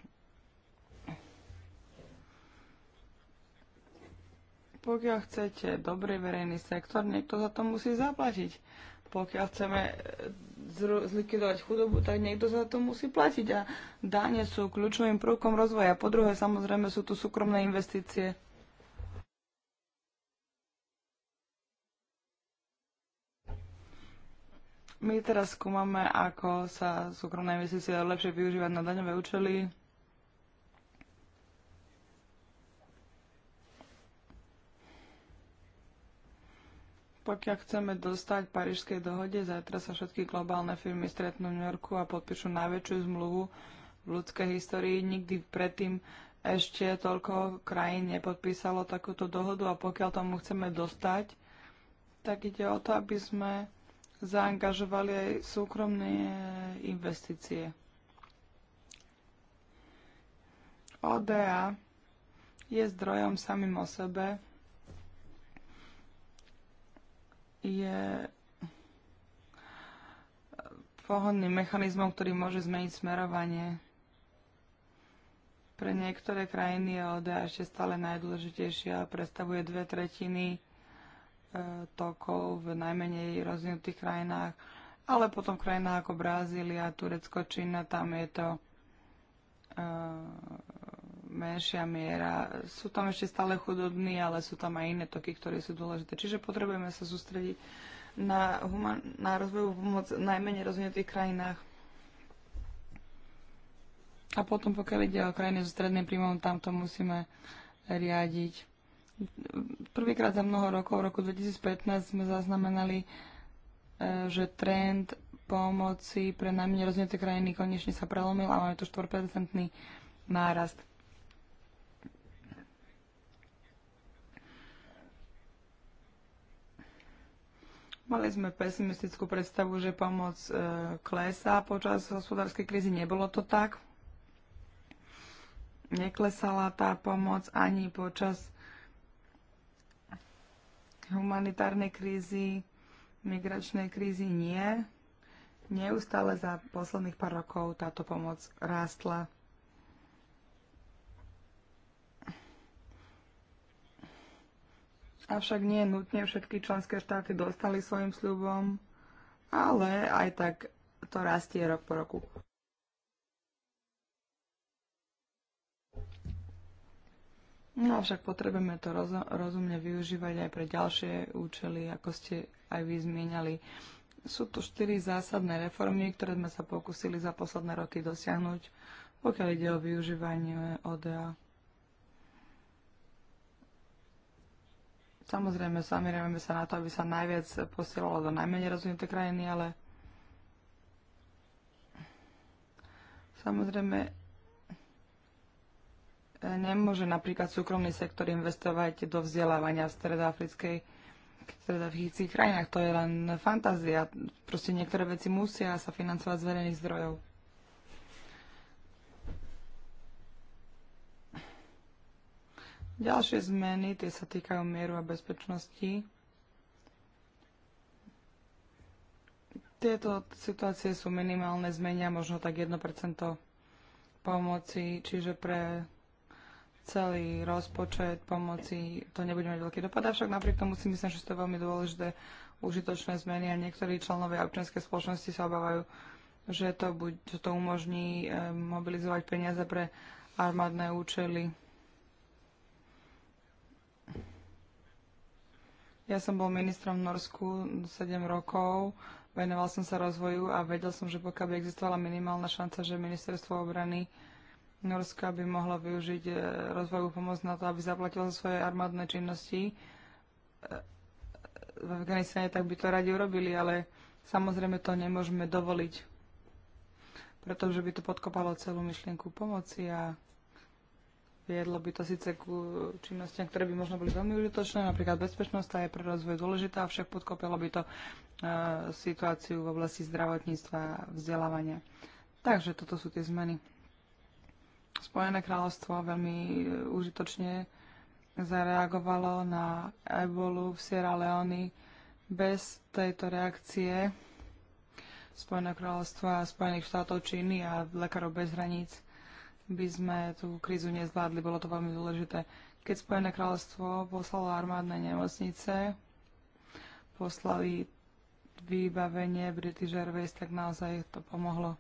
Pokiaľ chcete dobrý verejný sektor, niekto za to musí zaplatiť pokiaľ chceme eh, zlikvidovať chudobu, tak niekto za to musí platiť a dáne sú kľúčovým prvkom rozvoja. Po druhé, samozrejme, sú tu súkromné investície. My teraz skúmame, ako sa súkromné investície lepšie využívať na daňové účely. pokiaľ chceme dostať Parížskej dohode, zajtra sa všetky globálne firmy stretnú v New Yorku a podpíšu najväčšiu zmluvu v ľudskej histórii. Nikdy predtým ešte toľko krajín nepodpísalo takúto dohodu a pokiaľ tomu chceme dostať, tak ide o to, aby sme zaangažovali aj súkromné investície. ODA je zdrojom samým o sebe je pohodným mechanizmom, ktorý môže zmeniť smerovanie. Pre niektoré krajiny je ODA ešte stále najdôležitejšia a predstavuje dve tretiny e, tokov v najmenej rozvinutých krajinách, ale potom v krajinách ako Brazília, Turecko, Čína, tam je to e, menšia miera. Sú tam ešte stále chudobní, ale sú tam aj iné toky, ktoré sú dôležité. Čiže potrebujeme sa sústrediť na, human- na rozvojovú pomoc v najmenej rozvinutých krajinách. A potom, pokiaľ ide o krajiny so stredným príjmom, tam to musíme riadiť. Prvýkrát za mnoho rokov, v roku 2015, sme zaznamenali, e, že trend pomoci pre najmenej rozvinuté krajiny konečne sa prelomil a máme tu 4 nárast. Mali sme pesimistickú predstavu, že pomoc e, klesá počas hospodárskej krízy. Nebolo to tak. Neklesala tá pomoc ani počas humanitárnej krízy, migračnej krízy nie. Neustále za posledných pár rokov táto pomoc rástla. Avšak nie nutne všetky členské štáty dostali svojim sľubom, ale aj tak to rastie rok po roku. No avšak potrebujeme to rozumne využívať aj pre ďalšie účely, ako ste aj vy zmieniali. Sú tu štyri zásadné reformy, ktoré sme sa pokúsili za posledné roky dosiahnuť, pokiaľ ide o využívanie ODA. Samozrejme, zamierame sa na to, aby sa najviac posielalo do najmenej rozvinuté krajiny, ale samozrejme nemôže napríklad súkromný sektor investovať do vzdelávania v stredoafrickej stredoafrických krajinách. To je len fantázia. Proste niektoré veci musia sa financovať z verejných zdrojov. Ďalšie zmeny, tie sa týkajú mieru a bezpečnosti. Tieto situácie sú minimálne, zmenia možno tak 1% pomoci, čiže pre celý rozpočet pomoci to nebude mať veľký dopad, avšak napriek tomu si myslím, že to veľmi dôležité užitočné zmeny a niektorí členovia občianskej spoločnosti sa obávajú, že to, buď, že to umožní eh, mobilizovať peniaze pre armádne účely. Ja som bol ministrom v Norsku 7 rokov, venoval som sa rozvoju a vedel som, že pokiaľ by existovala minimálna šanca, že ministerstvo obrany Norska by mohlo využiť e, rozvojovú pomoc na to, aby zaplatilo za svoje armádne činnosti e, v Afganistane, tak by to radi urobili, ale samozrejme to nemôžeme dovoliť, pretože by to podkopalo celú myšlienku pomoci a Viedlo by to síce k činnostiam, ktoré by možno boli veľmi užitočné, napríklad bezpečnosť, tá je pre rozvoj dôležitá, avšak podkopilo by to e, situáciu v oblasti zdravotníctva a vzdelávania. Takže toto sú tie zmeny. Spojené kráľovstvo veľmi e, užitočne zareagovalo na ebolu v Sierra Leone. Bez tejto reakcie kráľovstvo kráľovstva, Spojených štátov Číny a Lekárov bez hraníc by sme tú krízu nezvládli. Bolo to veľmi dôležité. Keď Spojené kráľovstvo poslalo armádne nemocnice, poslali vybavenie British Airways, tak naozaj to pomohlo.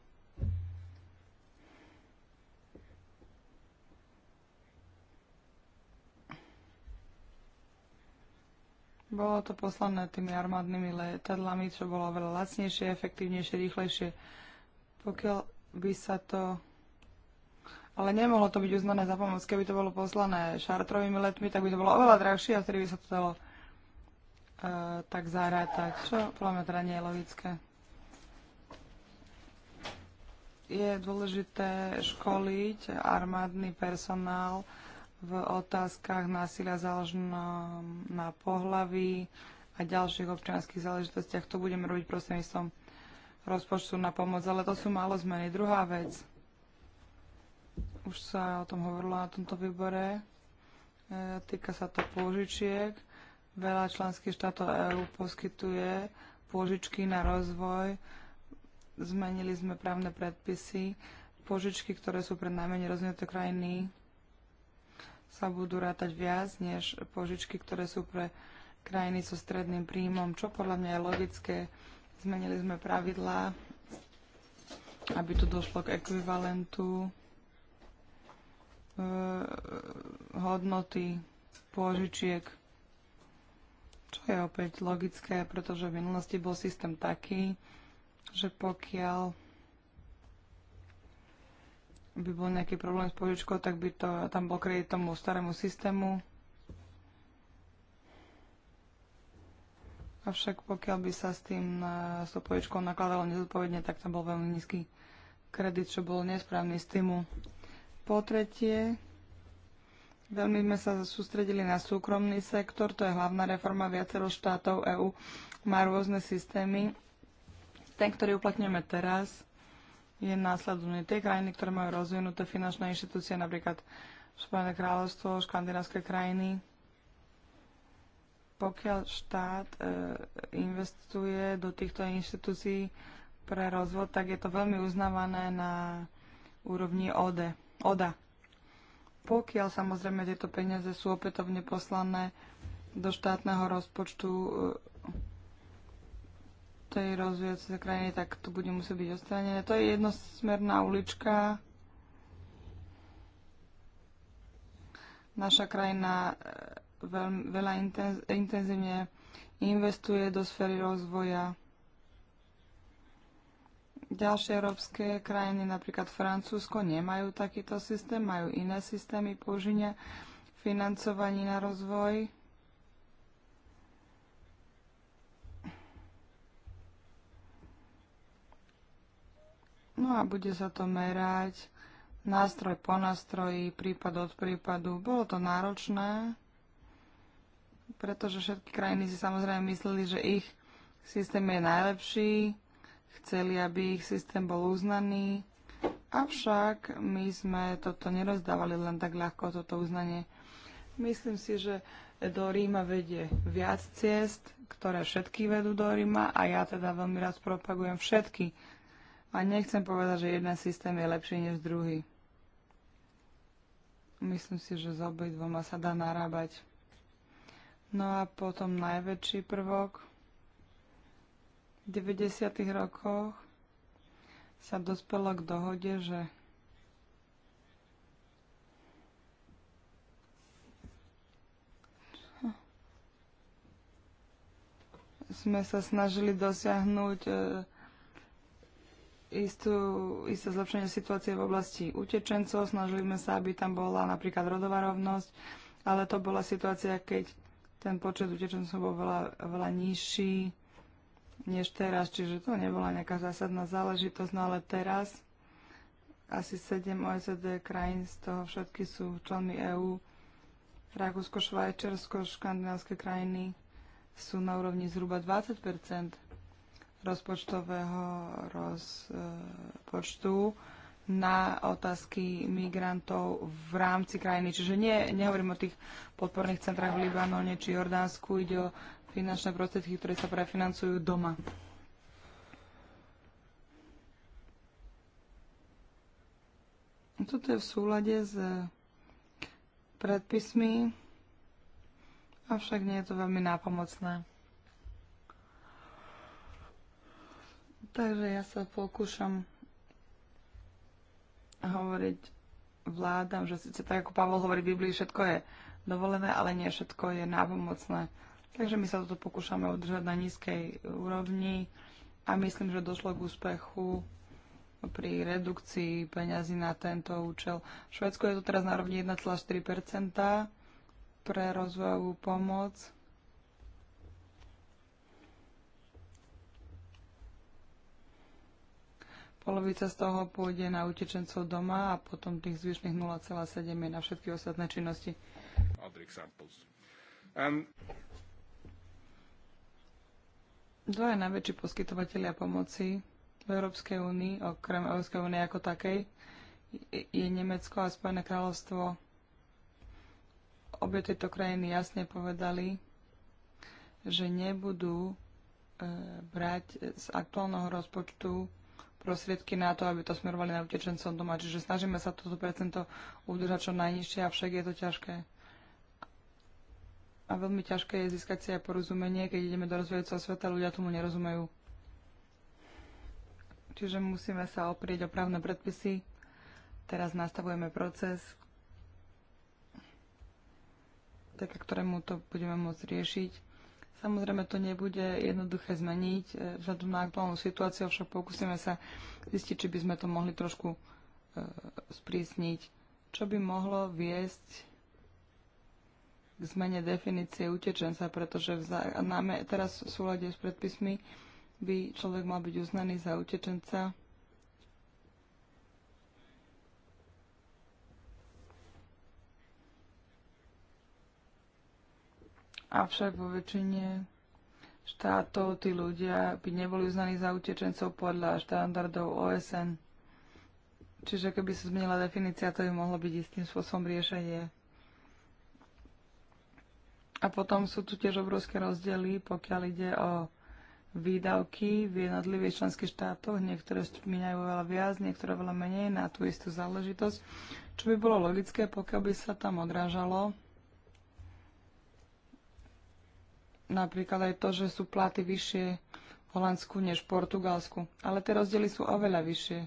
Bolo to poslané tými armádnymi letadlami, čo bolo oveľa lacnejšie, efektívnejšie, rýchlejšie. Pokiaľ by sa to ale nemohlo to byť uznané za pomoc. Keby to bolo poslané šartrovými letmi, tak by to bolo oveľa drahšie a vtedy by sa to dalo e, tak zarátať, čo podľa mňa teda nie je logické. Je dôležité školiť armádny personál v otázkach násilia založenom na pohlaví a ďalších občianských záležitostiach. To budeme robiť prostredníctvom rozpočtu na pomoc, ale to sú málo zmeny. Druhá vec – už sa o tom hovorilo na tomto výbore. E, týka sa to pôžičiek. Veľa členských štátov EÚ poskytuje pôžičky na rozvoj. Zmenili sme právne predpisy. Pôžičky, ktoré sú pre najmenej rozvinuté krajiny, sa budú rátať viac než pôžičky, ktoré sú pre krajiny so stredným príjmom, čo podľa mňa je logické. Zmenili sme pravidlá, aby tu došlo k ekvivalentu Eh, hodnoty pôžičiek, čo je opäť logické, pretože v minulosti bol systém taký, že pokiaľ by bol nejaký problém s požičkou, tak by to tam bol kredit tomu starému systému. Avšak pokiaľ by sa s tým s tou požičkou nakladalo nezodpovedne, tak tam bol veľmi nízky kredit, čo bol nesprávny stimul. Po tretie, veľmi sme sa sústredili na súkromný sektor, to je hlavná reforma viacero štátov EÚ, má rôzne systémy. Ten, ktorý uplatňujeme teraz, je následovne Tie krajiny, ktoré majú rozvinuté finančné inštitúcie, napríklad Spojené kráľovstvo, škandinávské krajiny, pokiaľ štát e, investuje do týchto inštitúcií pre rozvod, tak je to veľmi uznávané na úrovni ODE. ODA. Pokiaľ samozrejme tieto peniaze sú opätovne poslané do štátneho rozpočtu e, tej rozvíjacej krajiny, tak to bude musieť byť odstranené. To je jednosmerná ulička. Naša krajina e, veľmi, veľa intenzívne investuje do sféry rozvoja Ďalšie európske krajiny, napríklad Francúzsko, nemajú takýto systém, majú iné systémy použitia financovaní na rozvoj. No a bude sa to merať nástroj po nástroji, prípad od prípadu. Bolo to náročné, pretože všetky krajiny si samozrejme mysleli, že ich systém je najlepší, chceli, aby ich systém bol uznaný, avšak my sme toto nerozdávali len tak ľahko, toto uznanie. Myslím si, že do Ríma vedie viac ciest, ktoré všetky vedú do Ríma a ja teda veľmi rád propagujem všetky. A nechcem povedať, že jeden systém je lepší než druhý. Myslím si, že s obidvoma sa dá narábať. No a potom najväčší prvok. 90. rokoch sa dospelo k dohode, že sme sa snažili dosiahnuť e, istú, isté zlepšenie situácie v oblasti utečencov. Snažili sme sa, aby tam bola napríklad rodová rovnosť, ale to bola situácia, keď ten počet utečencov bol veľa, veľa nižší než teraz, čiže to nebola nejaká zásadná záležitosť, no ale teraz asi 7 OECD krajín, z toho všetky sú členmi EÚ, Rakúsko, Švajčersko, škandinávské krajiny sú na úrovni zhruba 20 rozpočtového rozpočtu na otázky migrantov v rámci krajiny. Čiže nie, nehovorím o tých podporných centrách v Libanone či Jordánsku, ide o finančné prostriedky, ktoré sa prefinancujú doma. Toto je v súlade s predpismi, avšak nie je to veľmi nápomocné. Takže ja sa pokúšam hovoriť vládam, že síce tak ako Pavel hovorí v Biblii, všetko je dovolené, ale nie všetko je nápomocné. Takže my sa toto pokúšame udržať na nízkej úrovni a myslím, že došlo k úspechu pri redukcii peňazí na tento účel. V Švedsku je to teraz na rovni 1,4 pre rozvojovú pomoc. Polovica z toho pôjde na utečencov doma a potom tých zvyšných 0,7 je na všetky ostatné činnosti. Dvaja najväčší poskytovateľia pomoci v Európskej únii, okrem Európskej únie ako takej, je Nemecko a Spojené kráľovstvo. Obe tieto krajiny jasne povedali, že nebudú e, brať z aktuálneho rozpočtu prostriedky na to, aby to smerovali na utečencov doma. Čiže snažíme sa toto percento udržať čo najnižšie, avšak je to ťažké a veľmi ťažké je získať si aj porozumenie, keď ideme do rozvíjajúceho sveta, ľudia tomu nerozumejú. Čiže musíme sa oprieť o právne predpisy. Teraz nastavujeme proces, tak ktorému to budeme môcť riešiť. Samozrejme, to nebude jednoduché zmeniť e, vzhľadom na aktuálnu situáciu, však pokúsime sa zistiť, či by sme to mohli trošku e, sprísniť, čo by mohlo viesť k zmene definície utečenca, pretože v zá... náme, teraz v súlade s predpismi by človek mal byť uznaný za utečenca. Avšak vo väčšine štátov tí ľudia by neboli uznaní za utečencov podľa štandardov OSN. Čiže keby sa zmenila definícia, to by mohlo byť istým spôsobom riešenie. A potom sú tu tiež obrovské rozdiely, pokiaľ ide o výdavky v jednotlivých členských štátoch. Niektoré míňajú veľa viac, niektoré veľa menej na tú istú záležitosť, čo by bolo logické, pokiaľ by sa tam odrážalo napríklad aj to, že sú platy vyššie v Holandsku než v Portugalsku. Ale tie rozdiely sú oveľa vyššie.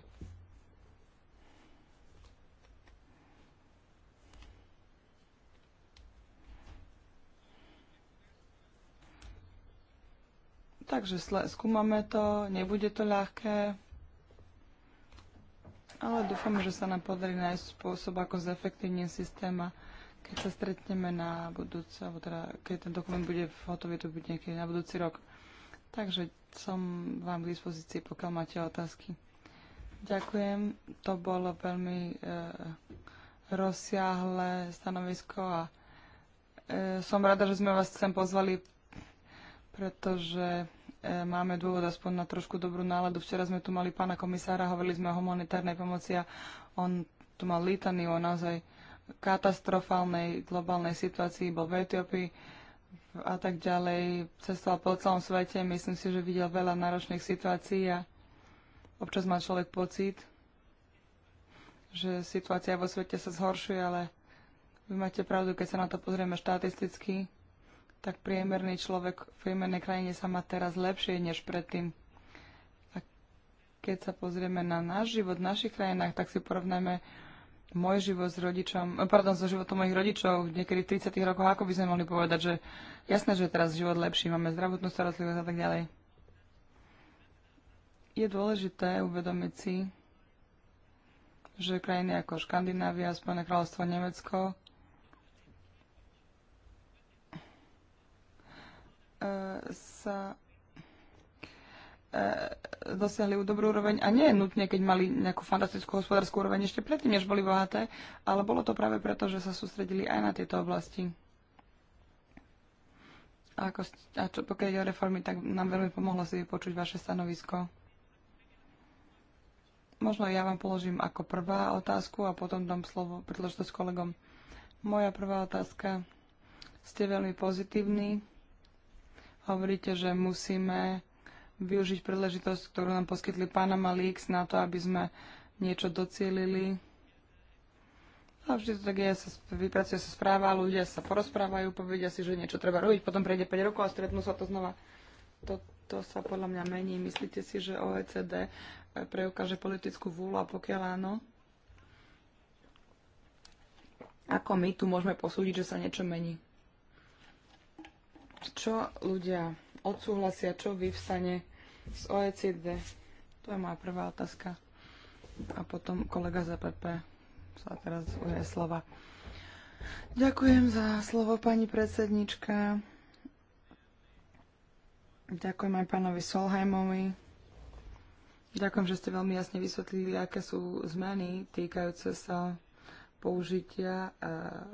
Takže skúmame to, nebude to ľahké, ale dúfam, že sa nám podarí nájsť spôsob, ako zefektívniť systém a keď sa stretneme na budúce, alebo teda keď ten dokument bude v hotovie, to bude niekedy na budúci rok. Takže som vám k dispozícii, pokiaľ máte otázky. Ďakujem, to bolo veľmi e, rozsiahle stanovisko a e, som rada, že sme vás sem pozvali, pretože E, máme dôvod aspoň na trošku dobrú náladu. Včera sme tu mali pána komisára, hovorili sme o humanitárnej pomoci a on tu mal lítaný o naozaj katastrofálnej globálnej situácii, bol v Etiópii a tak ďalej, cestoval po celom svete, myslím si, že videl veľa náročných situácií a občas má človek pocit, že situácia vo svete sa zhoršuje, ale vy máte pravdu, keď sa na to pozrieme štatisticky, tak priemerný človek v priemernej krajine sa má teraz lepšie než predtým. A keď sa pozrieme na náš život v našich krajinách, tak si porovnáme môj život s rodičom, eh, pardon, so životom mojich rodičov niekedy v 30 rokoch, ako by sme mohli povedať, že jasné, že je teraz život lepší, máme zdravotnú starostlivosť a tak ďalej. Je dôležité uvedomiť si, že krajiny ako Škandinávia, Spojené kráľovstvo, Nemecko sa e, dosiahli u dobrú úroveň a nie je nutne, keď mali nejakú fantastickú hospodárskú úroveň ešte predtým, než boli bohaté, ale bolo to práve preto, že sa sústredili aj na tieto oblasti. A, ako, a čo, pokiaľ ide o reformy, tak nám veľmi pomohlo si vypočuť vaše stanovisko. Možno ja vám položím ako prvá otázku a potom dám slovo príležitosť kolegom. Moja prvá otázka. Ste veľmi pozitívni Hovoríte, že musíme využiť príležitosť, ktorú nám poskytli Panama Leaks na to, aby sme niečo docielili. A vždy to tak je, sa vypracuje sa správa, ľudia sa porozprávajú, povedia si, že niečo treba robiť, potom prejde 5 rokov a stretnú sa to znova. To, to sa podľa mňa mení. Myslíte si, že OECD eh, preukáže politickú vôľu a pokiaľ áno, ako my tu môžeme posúdiť, že sa niečo mení? čo ľudia odsúhlasia, čo vyvstane z OECD. To je moja prvá otázka. A potom kolega z EPP sa teraz uje slova. Ďakujem za slovo, pani predsednička. Ďakujem aj pánovi Solheimovi. Ďakujem, že ste veľmi jasne vysvetlili, aké sú zmeny týkajúce sa použitia eh,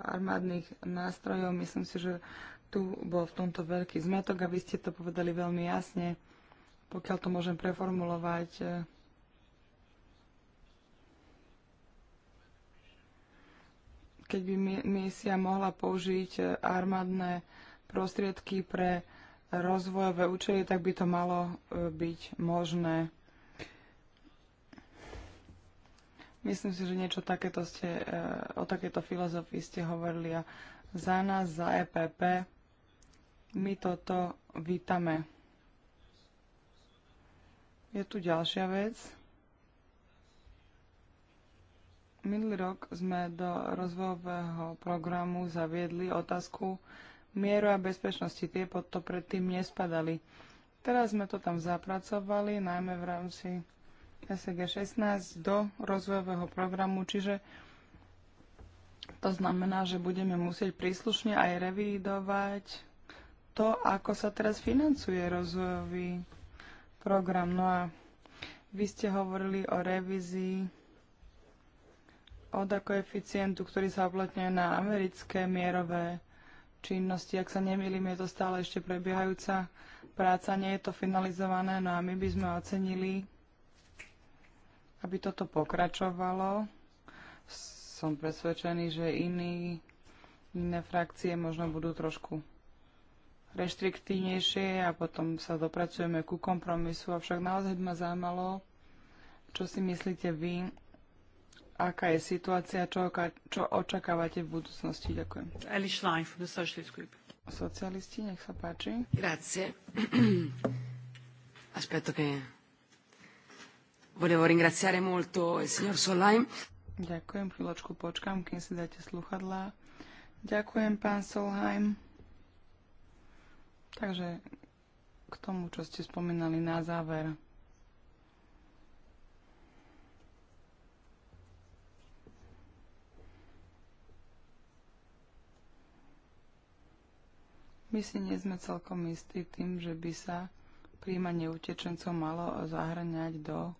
armádnych nástrojov. Myslím si, že tu bol v tomto veľký zmetok a vy ste to povedali veľmi jasne, pokiaľ to môžem preformulovať. E, keď by misia mohla použiť e, armádne prostriedky pre rozvojové účely, tak by to malo e, byť možné. Myslím si, že niečo takéto ste, o takéto filozofii ste hovorili a za nás, za EPP, my toto vítame. Je tu ďalšia vec. Minulý rok sme do rozvojového programu zaviedli otázku mieru a bezpečnosti. Tie pod to predtým nespadali. Teraz sme to tam zapracovali, najmä v rámci SG 16 do rozvojového programu, čiže to znamená, že budeme musieť príslušne aj revidovať to, ako sa teraz financuje rozvojový program. No a vy ste hovorili o revízii od koeficientu, ktorý sa uplatňuje na americké mierové činnosti. Ak sa nemýlim, je to stále ešte prebiehajúca práca, nie je to finalizované, no a my by sme ocenili, aby toto pokračovalo. Som presvedčený, že iní, iné frakcie možno budú trošku reštriktívnejšie a potom sa dopracujeme ku kompromisu. Avšak naozaj ma zaujímalo, čo si myslíte vy, aká je situácia, čo, čo očakávate v budúcnosti. Ďakujem. Eli Schlein from the Socialist Group. Socialisti, nech sa páči. Grazie. Aspetto che... Volevo ringraziare molto il signor Solheim. Ďakujem, chvíľočku počkám, kým si dáte sluchadlá. Ďakujem, pán Solheim. Takže k tomu, čo ste spomínali na záver. My si nie sme celkom istí tým, že by sa príjmanie utečencov malo zahrňať do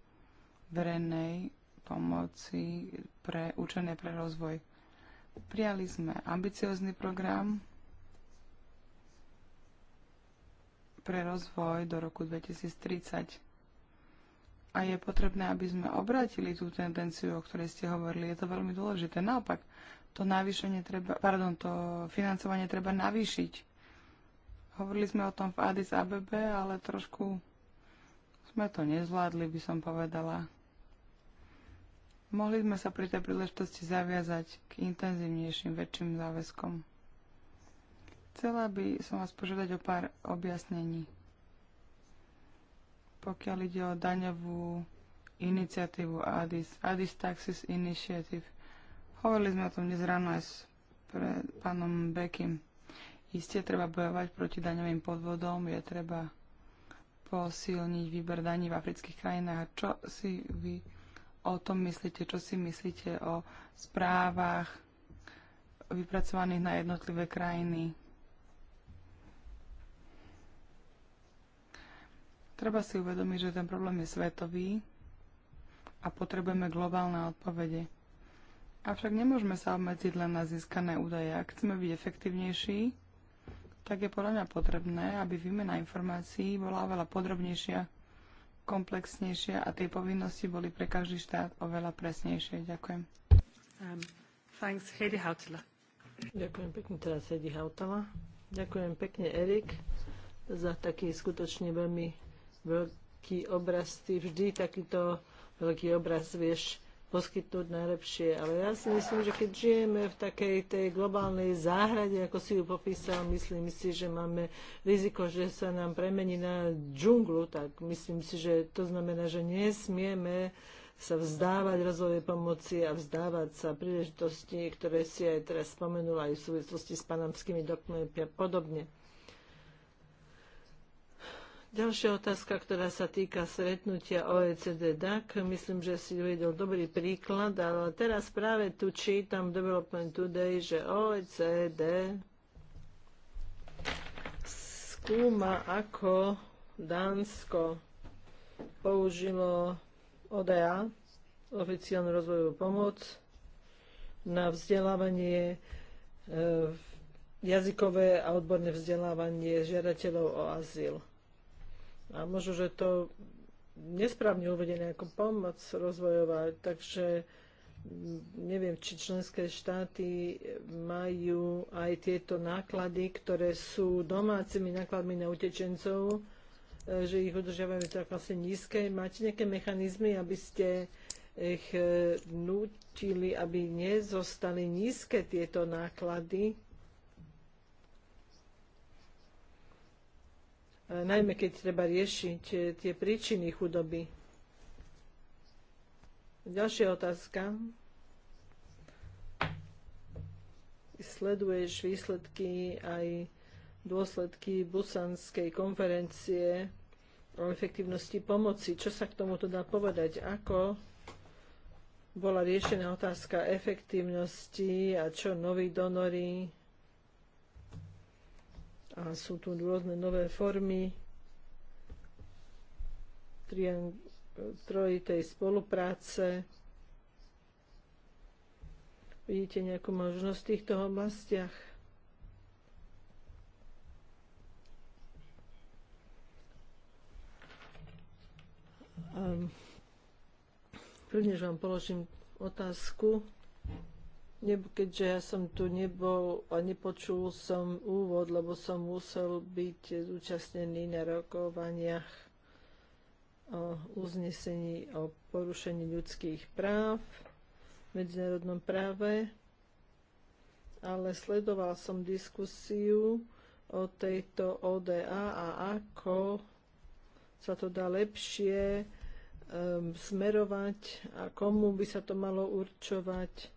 verejnej pomoci pre učené pre rozvoj. Prijali sme ambiciózny program, pre rozvoj do roku 2030. A je potrebné, aby sme obratili tú tendenciu, o ktorej ste hovorili. Je to veľmi dôležité. Naopak, to, treba, pardon, to financovanie treba navýšiť. Hovorili sme o tom v Addis ABB, ale trošku sme to nezvládli, by som povedala. Mohli sme sa pri tej príležitosti zaviazať k intenzívnejším, väčším záväzkom. Chcela by som vás požiadať o pár objasnení. Pokiaľ ide o daňovú iniciatívu ADIS, ADIS Taxis Initiative, hovorili sme o tom dnes ráno aj s pred pánom Bekim. Isté treba bojovať proti daňovým podvodom, je treba posilniť výber daní v afrických krajinách. čo si vy o tom myslíte? Čo si myslíte o správach vypracovaných na jednotlivé krajiny? Treba si uvedomiť, že ten problém je svetový a potrebujeme globálne odpovede. Avšak nemôžeme sa obmedziť len na získané údaje. Ak chceme byť efektívnejší, tak je podľa mňa potrebné, aby výmena informácií bola oveľa podrobnejšia, komplexnejšia a tie povinnosti boli pre každý štát oveľa presnejšie. Ďakujem. Um, thanks, Heidi Hautala. Ďakujem pekne teraz Heidi Hautala. Ďakujem pekne Erik za taký skutočne veľmi veľký obraz, ty vždy takýto veľký obraz vieš poskytnúť najlepšie. Ale ja si myslím, že keď žijeme v takej tej globálnej záhrade, ako si ju popísal, myslím si, že máme riziko, že sa nám premení na džunglu, tak myslím si, že to znamená, že nesmieme sa vzdávať rozvoje pomoci a vzdávať sa príležitosti, ktoré si aj teraz spomenula aj v súvislosti s panamskými dokumentmi a podobne. Ďalšia otázka, ktorá sa týka stretnutia OECD DAC. Myslím, že si uvedol dobrý príklad, ale teraz práve tu čítam Development Today, že OECD skúma, ako Dánsko použilo ODA, oficiálnu rozvojovú pomoc, na vzdelávanie e, jazykové a odborné vzdelávanie žiadateľov o azyl. A možno, že to nesprávne uvedené ako pomoc rozvojová, takže neviem, či členské štáty majú aj tieto náklady, ktoré sú domácimi nákladmi na utečencov, e, že ich udržiavajú tak vlastne nízke. Máte nejaké mechanizmy, aby ste ich e, nutili, aby nezostali nízke tieto náklady? E, najmä keď treba riešiť e, tie príčiny chudoby. Ďalšia otázka. Sleduješ výsledky aj dôsledky busanskej konferencie o efektivnosti pomoci. Čo sa k tomu dá povedať? Ako bola riešená otázka efektívnosti a čo noví donory a sú tu rôzne nové formy trojitej spolupráce. Vidíte nejakú možnosť v týchto oblastiach? Um, ehm, prvne, vám položím otázku, keďže ja som tu nebol a nepočul som úvod, lebo som musel byť zúčastnený na rokovaniach o uznesení o porušení ľudských práv v medzinárodnom práve, ale sledoval som diskusiu o tejto ODA a ako sa to dá lepšie um, smerovať a komu by sa to malo určovať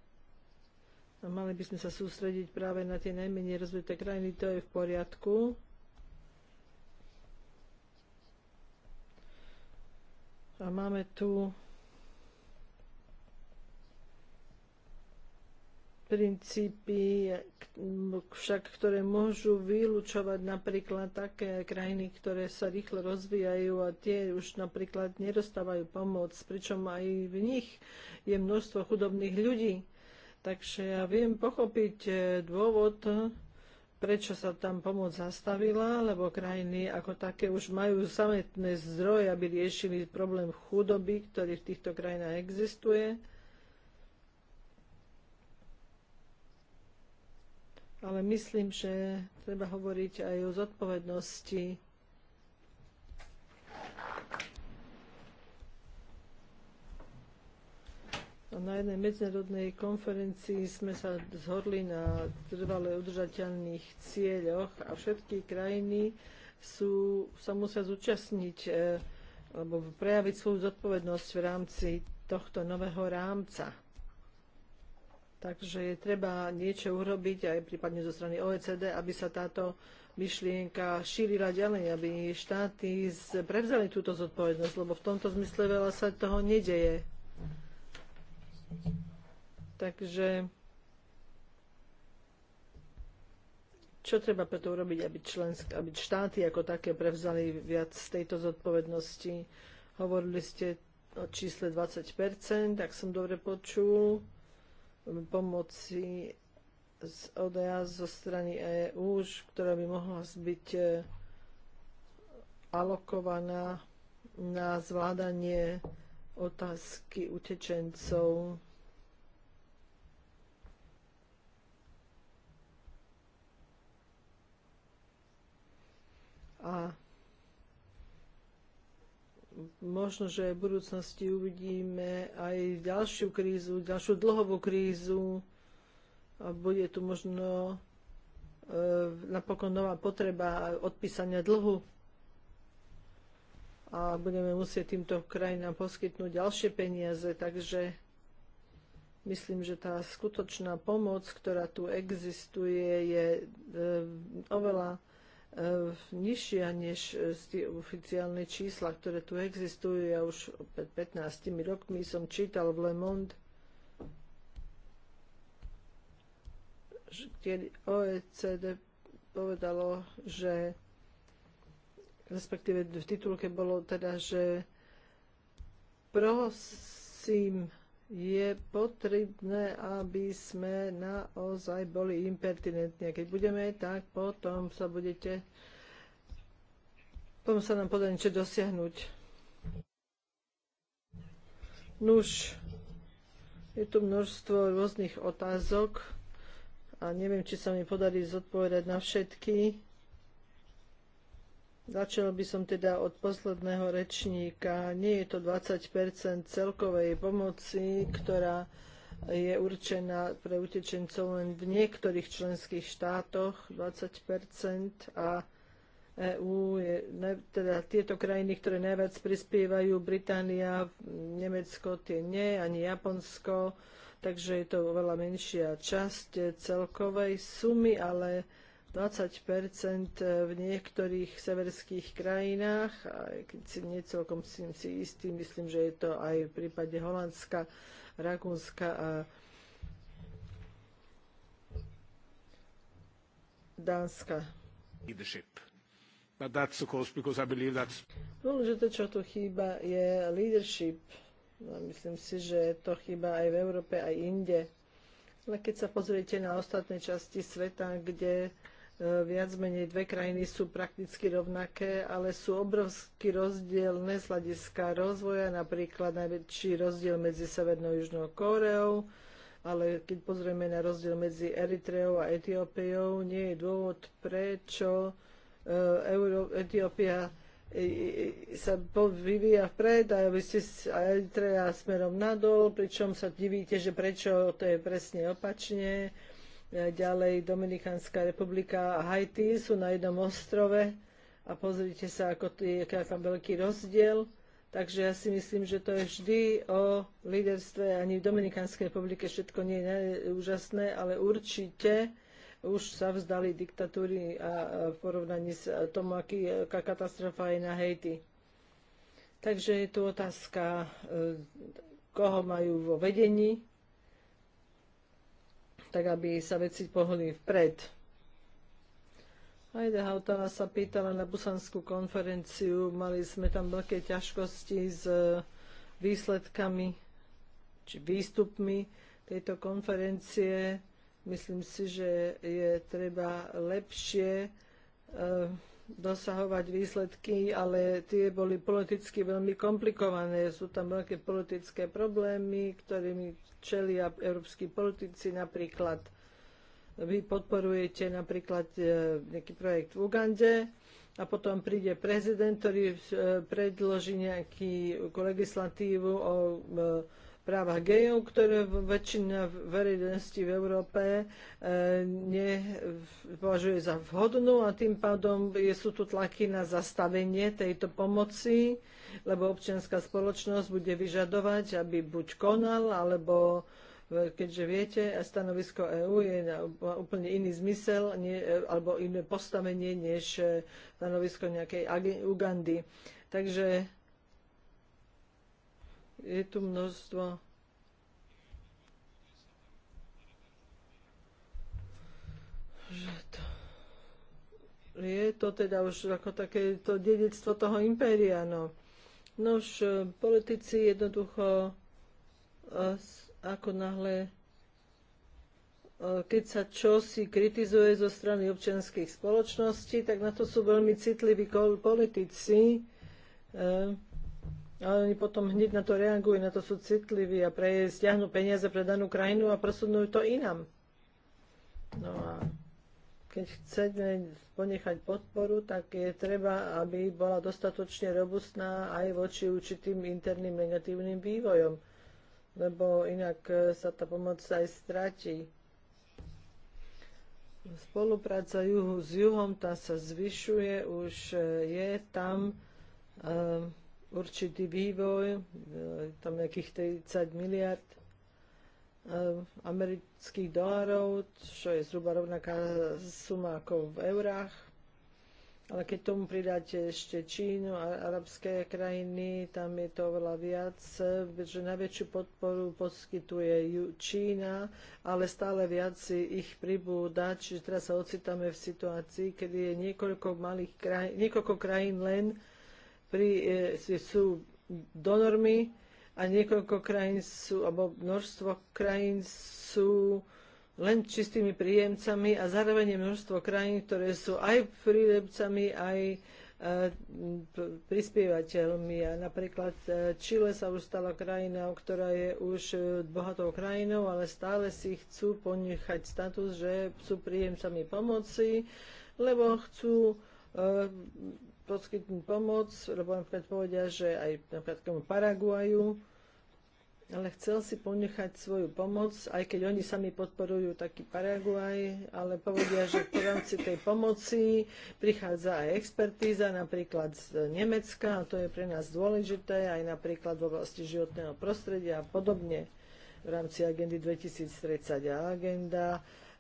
mali by sme sa sústrediť práve na tie najmenej rozvité krajiny, to je v poriadku. A máme tu princípy, však ktoré môžu vylúčovať napríklad také krajiny, ktoré sa rýchlo rozvíjajú a tie už napríklad nedostávajú pomoc, pričom aj v nich je množstvo chudobných ľudí. Takže ja viem pochopiť eh, dôvod, prečo sa tam pomoc zastavila, lebo krajiny ako také už majú sametné zdroje, aby riešili problém chudoby, ktorý v týchto krajinách existuje. Ale myslím, že treba hovoriť aj o zodpovednosti Na jednej medzinárodnej konferencii sme sa zhodli na trvale udržateľných cieľoch a všetky krajiny sú, sa musia zúčastniť e, alebo prejaviť svoju zodpovednosť v rámci tohto nového rámca. Takže je treba niečo urobiť aj prípadne zo strany OECD, aby sa táto myšlienka šírila ďalej, aby štáty prevzali túto zodpovednosť, lebo v tomto zmysle veľa sa toho nedeje. Takže čo treba preto urobiť, aby, člensk, aby štáty ako také prevzali viac z tejto zodpovednosti? Hovorili ste o čísle 20%, tak som dobre počul, pomoci z ODA zo strany EÚ, ktorá by mohla byť e, alokovaná na zvládanie otázky utečencov. A možno, že v budúcnosti uvidíme aj ďalšiu krízu, ďalšiu dlhovú krízu a bude tu možno e, napokon nová potreba odpísania dlhu a budeme musieť týmto krajinám poskytnúť ďalšie peniaze, takže myslím, že tá skutočná pomoc, ktorá tu existuje, je e, oveľa e, nižšia než e, tie oficiálne čísla, ktoré tu existujú. Ja už pred 15 rokmi som čítal v Le Monde, kde OECD povedalo, že respektíve v titulke bolo teda, že prosím, je potrebné, aby sme naozaj boli impertinentní. A keď budeme, tak potom sa budete, potom sa nám podarí niečo dosiahnuť. Nuž, je tu množstvo rôznych otázok a neviem, či sa mi podarí zodpovedať na všetky. Začal by som teda od posledného rečníka. Nie je to 20 celkovej pomoci, ktorá je určená pre utečencov len v niektorých členských štátoch 20 a EÚ je, ne, teda tieto krajiny, ktoré najviac prispievajú, Británia, Nemecko, tie nie, ani Japonsko, takže je to oveľa menšia časť celkovej sumy, ale 20 eh, v niektorých severských krajinách, a keď si nie celkom si, si istý, myslím, že je to aj v prípade Holandska, Rakúnska a Dánska. Leadership. But that's of course because I believe that's... Dôležité, no, čo tu chýba, je leadership. No, myslím si, že to chýba aj v Európe, aj inde. Ale keď sa pozriete na ostatné časti sveta, kde E, viac menej dve krajiny sú prakticky rovnaké, ale sú obrovský rozdielne z hľadiska rozvoja, napríklad najväčší rozdiel medzi Severnou a Južnou Kóreou, ale keď pozrieme na rozdiel medzi Eritreou a Etiópiou, nie je dôvod, prečo e, Euró- Etiópia e, sa vyvíja vpred a vy ste a Eritrea smerom nadol, pričom sa divíte, že prečo to je presne opačne E, ďalej Dominikánska republika a Haiti sú na jednom ostrove a pozrite sa, ako tu je, aký tam veľký rozdiel. Takže ja si myslím, že to je vždy o líderstve. Ani v Dominikánskej republike všetko nie je úžasné, ale určite už sa vzdali diktatúry a v porovnaní s tomu, aký, aká katastrofa je na Haiti. Takže je tu otázka, e, koho majú vo vedení tak aby sa veci pohli vpred. ide Hautala sa pýtala na busanskú konferenciu. Mali sme tam veľké ťažkosti s e, výsledkami či výstupmi tejto konferencie. Myslím si, že je treba lepšie e, dosahovať výsledky, ale tie boli politicky veľmi komplikované. Sú tam veľké politické problémy, ktorými čelia európsky politici. Napríklad vy podporujete napríklad e, nejaký projekt v Ugande a potom príde prezident, ktorý e, predloží nejakú legislatívu o e, práva gejov, ktoré väčšina verejnosti v Európe e, nepovažuje za vhodnú a tým pádom sú tu tlaky na zastavenie tejto pomoci, lebo občianská spoločnosť bude vyžadovať, aby buď konal, alebo e, keďže viete, stanovisko EÚ je na úplne iný zmysel nie, e, alebo iné postavenie než e, stanovisko nejakej Ugandy. Takže je tu množstvo že to je to teda už ako také to dedictvo toho impéria, no. Nož, e, politici jednoducho e, ako náhle e, keď sa čosi kritizuje zo strany občianských spoločností, tak na to sú veľmi citliví politici ale oni potom hneď na to reagujú, na to sú citliví a pre, stiahnu peniaze pre danú krajinu a presunú to inám. No a keď chceme ponechať podporu, tak je treba, aby bola dostatočne robustná aj voči určitým interným negatívnym vývojom, lebo inak e, sa tá pomoc aj stratí. Spolupráca juhu s juhom, tá sa zvyšuje, už e, je tam. Um, určitý vývoj, e, tam nejakých 30 miliard e, amerických dolárov, čo je zhruba rovnaká suma ako v eurách. Ale keď tomu pridáte ešte Čínu a arabské krajiny, tam je to oveľa viac, že najväčšiu podporu poskytuje Čína, ale stále viac ich pribúda. Čiže teraz sa ocitáme v situácii, kedy je niekoľko, malých krajín, niekoľko krajín len, pri, e, sú donormi a niekoľko krajín sú, alebo množstvo krajín sú len čistými príjemcami a zároveň je množstvo krajín, ktoré sú aj príjemcami, aj e, prispievateľmi. A napríklad Čile e, sa už stala krajinou, ktorá je už e, bohatou krajinou, ale stále si chcú ponechať status, že sú príjemcami pomoci, lebo chcú e, poskytnúť pomoc, lebo napríklad povedia, že aj napríklad komu Paraguaju, ale chcel si ponechať svoju pomoc, aj keď oni sami podporujú taký Paraguaj, ale povedia, že v rámci tej pomoci prichádza aj expertíza napríklad z Nemecka, a to je pre nás dôležité, aj napríklad v oblasti životného prostredia a podobne v rámci agendy 2030 a agenda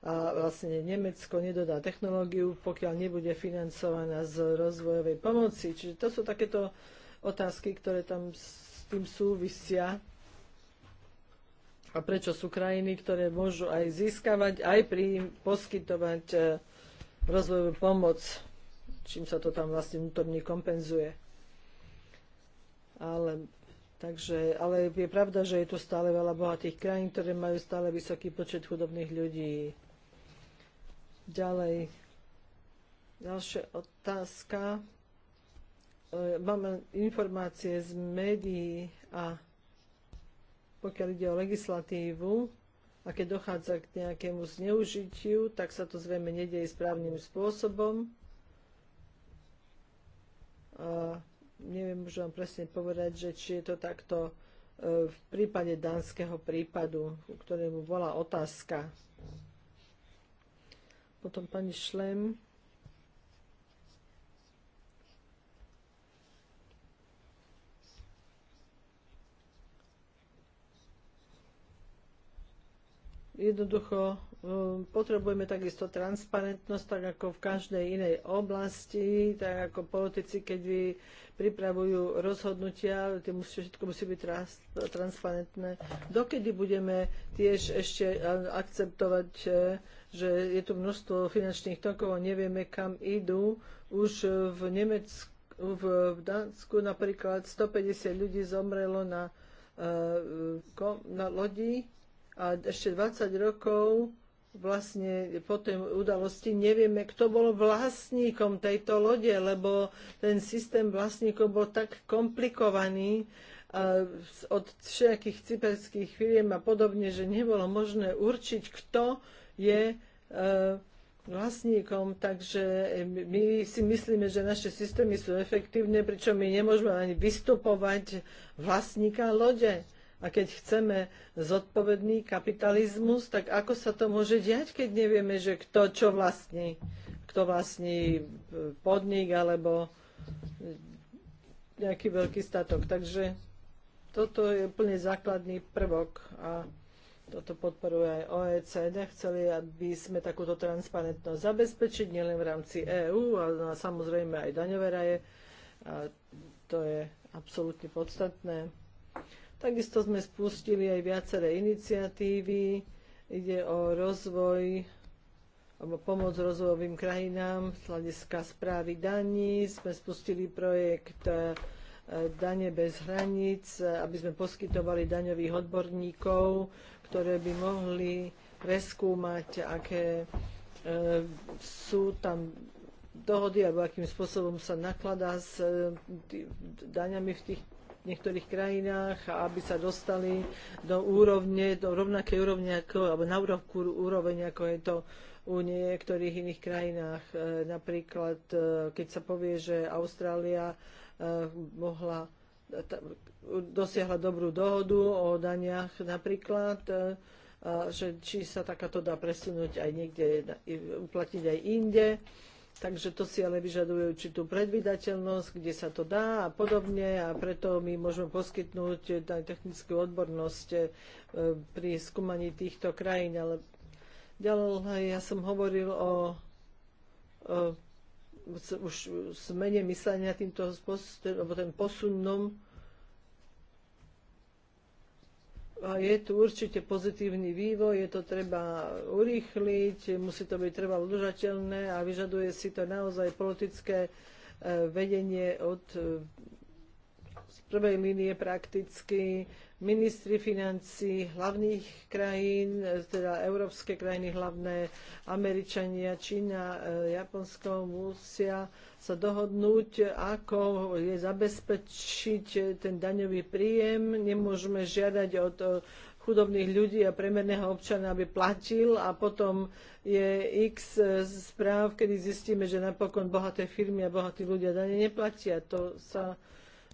a vlastne Nemecko nedodá technológiu, pokiaľ nebude financovaná z rozvojovej pomoci. Čiže to sú takéto otázky, ktoré tam s tým súvisia. A prečo sú krajiny, ktoré môžu aj získavať, aj pri poskytovať e, rozvojovú pomoc, čím sa to tam vlastne vnútorne kompenzuje. Ale Takže, ale je pravda, že je tu stále veľa bohatých krajín, ktoré majú stále vysoký počet chudobných ľudí. Ďalej. Ďalšia otázka. E, máme informácie z médií a pokiaľ ide o legislatívu a keď dochádza k nejakému zneužitiu, tak sa to zrejme nedieje správnym spôsobom. A neviem, môžem vám presne povedať, že či je to takto e, v prípade dánskeho prípadu, ktorému bola otázka potom pani Šlem. Jednoducho um, potrebujeme takisto transparentnosť, tak ako v každej inej oblasti, tak ako politici, keď vy pripravujú rozhodnutia, tie musí, všetko musí byť transparentné. Dokedy budeme tiež ešte akceptovať e, že je tu množstvo finančných tokov a nevieme, kam idú. Už v Nemecku, v Dánsku napríklad 150 ľudí zomrelo na, eh, na lodi a ešte 20 rokov vlastne po tej udalosti nevieme, kto bol vlastníkom tejto lode, lebo ten systém vlastníkov bol tak komplikovaný a eh, od všetkých cyperských firiem a podobne, že nebolo možné určiť, kto je eh, vlastníkom, takže my si myslíme, že naše systémy sú efektívne, pričom my nemôžeme ani vystupovať vlastníka lode. A keď chceme zodpovedný kapitalizmus, tak ako sa to môže diať, keď nevieme, že kto čo vlastní? Kto vlastní eh, podnik alebo eh, nejaký veľký statok. Takže toto je úplne základný prvok. A toto podporuje aj OECD, chceli, aby sme takúto transparentnosť zabezpečiť, nielen v rámci EÚ, ale samozrejme aj daňové raje. A to je absolútne podstatné. Takisto sme spustili aj viaceré iniciatívy. Ide o rozvoj alebo pomoc rozvojovým krajinám z hľadiska správy daní. Sme spustili projekt e, dane bez hraníc, aby sme poskytovali daňových odborníkov ktoré by mohli preskúmať, aké e, sú tam dohody alebo akým spôsobom sa nakladá s e, daňami v tých niektorých krajinách aby sa dostali do úrovne, do rovnakej úrovne ako, alebo na úrovku úroveň ako je to u niektorých iných krajinách. E, napríklad, e, keď sa povie, že Austrália e, mohla dosiahla dobrú dohodu o daniach napríklad, e, že či sa takáto dá presunúť aj niekde, uplatniť aj inde. Takže to si ale vyžaduje určitú predvydateľnosť, kde sa to dá a podobne a preto my môžeme poskytnúť aj technickú odbornosť e, pri skúmaní týchto krajín. Ale ďalej ja som hovoril o, o už smene myslenia týmto alebo ten posunom. A je tu určite pozitívny vývoj, je to treba urýchliť, musí to byť treba udržateľné a vyžaduje si to naozaj politické e, vedenie od e, z prvej línie prakticky ministri financí hlavných krajín, teda európske krajiny hlavné, Američania, Čína, eh, Japonsko musia sa dohodnúť, ako je zabezpečiť ten daňový príjem. Nemôžeme žiadať od eh, chudobných ľudí a premerného občana, aby platil a potom je x eh, správ, kedy zistíme, že napokon bohaté firmy a bohatí ľudia dane neplatia. To sa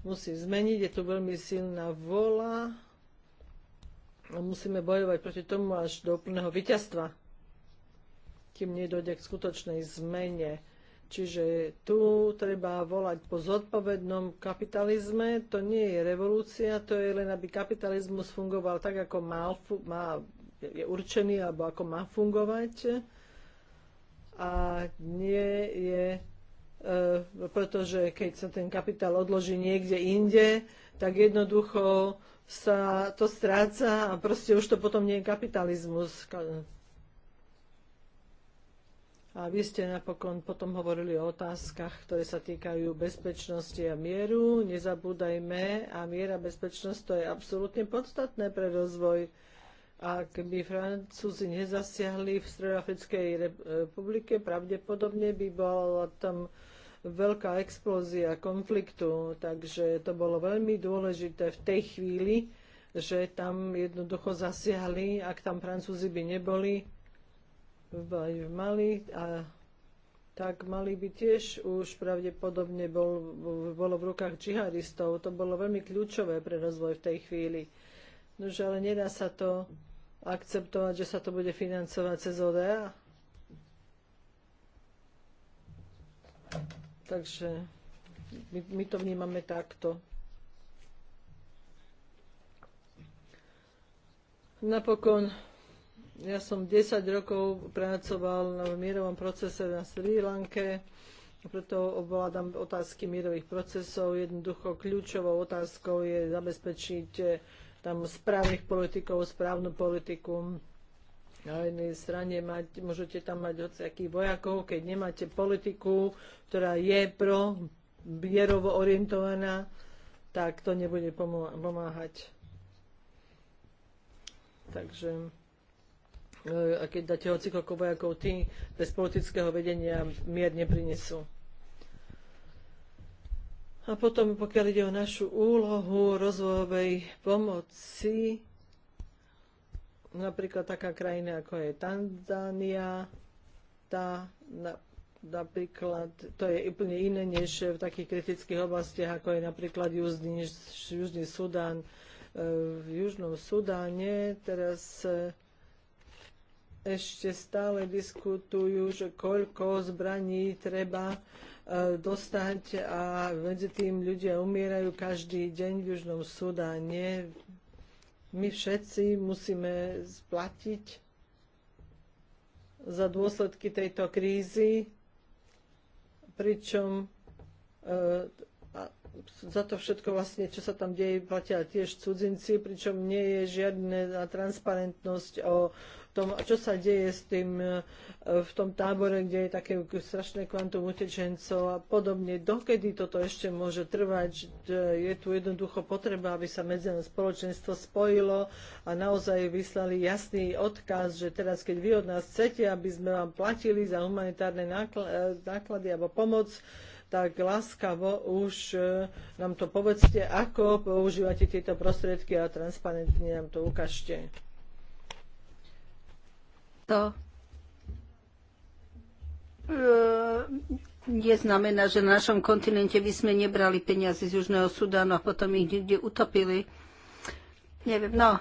musí zmeniť. Je tu veľmi silná vola a musíme bojovať proti tomu až do úplného víťazstva, kým nedojde k skutočnej zmene. Čiže tu treba volať po zodpovednom kapitalizme. To nie je revolúcia, to je len, aby kapitalizmus fungoval tak, ako má, má, je určený alebo ako má fungovať. A nie je E, pretože keď sa ten kapitál odloží niekde inde, tak jednoducho sa to stráca a proste už to potom nie je kapitalizmus. A vy ste napokon potom hovorili o otázkach, ktoré sa týkajú bezpečnosti a mieru. Nezabúdajme, a miera bezpečnosť to je absolútne podstatné pre rozvoj ak by Francúzi nezasiahli v Stredoafrickej republike, e, pravdepodobne by bola tam veľká explózia konfliktu, takže to bolo veľmi dôležité v tej chvíli, že tam jednoducho zasiahli, ak tam Francúzi by neboli v Mali, a, tak Mali by tiež už pravdepodobne bol, bolo v rukách džihadistov. To bolo veľmi kľúčové pre rozvoj v tej chvíli. No, že ale nedá sa to akceptovať, že sa to bude financovať cez ODA. Takže my, my to vnímame takto. Napokon ja som 10 rokov pracoval v mierovom procese na Sri Lanke, preto obvládam otázky mierových procesov. Jednoducho kľúčovou otázkou je zabezpečiť tam správnych politikov, správnu politiku. Na jednej strane mať, môžete tam mať hociakých vojakov, keď nemáte politiku, ktorá je pro vierovo orientovaná, tak to nebude pomáhať. Takže e, a keď dáte hocikoľko vojakov, tí bez politického vedenia mier neprinesú. A potom, pokiaľ ide o našu úlohu rozvojovej pomoci, napríklad taká krajina ako je Tanzania. tá na, napríklad, to je úplne iné než v takých kritických oblastiach, ako je napríklad Južný, Južný Sudán. E, v Južnom Sudáne teraz e, ešte stále diskutujú, že koľko zbraní treba E, dostať a medzi tým ľudia umierajú každý deň v Južnom Sudáne. My všetci musíme splatiť za dôsledky tejto krízy, pričom e, za to všetko vlastne, čo sa tam deje, platia tiež cudzinci, pričom nie je žiadna transparentnosť o tom, čo sa deje s tým e, v tom tábore, kde je také strašné kvantum utečencov a podobne. Dokedy toto ešte môže trvať? E, je tu jednoducho potreba, aby sa medzinárodné spoločenstvo spojilo a naozaj vyslali jasný odkaz, že teraz, keď vy od nás chcete, aby sme vám platili za humanitárne e, náklady alebo pomoc, tak láskavo už nám to povedzte, ako používate tieto prostriedky a transparentne nám to ukážte to e, neznamená, že na našom kontinente by sme nebrali peniaze z Južného Sudánu a potom ich niekde utopili. Neviem, no,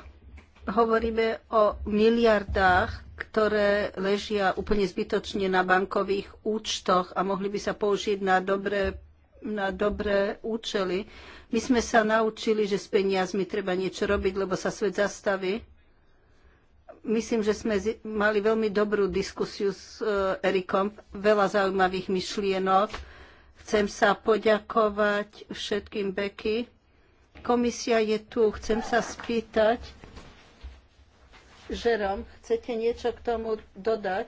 hovoríme o miliardách, ktoré ležia úplne zbytočne na bankových účtoch a mohli by sa použiť na dobré, na dobré účely. My sme sa naučili, že s peniazmi treba niečo robiť, lebo sa svet zastaví Myslím, že sme mali veľmi dobrú diskusiu s e, Erikom, veľa zaujímavých myšlienok. Chcem sa poďakovať všetkým Beky. Komisia je tu. Chcem sa spýtať, Žerom, chcete niečo k tomu dodať?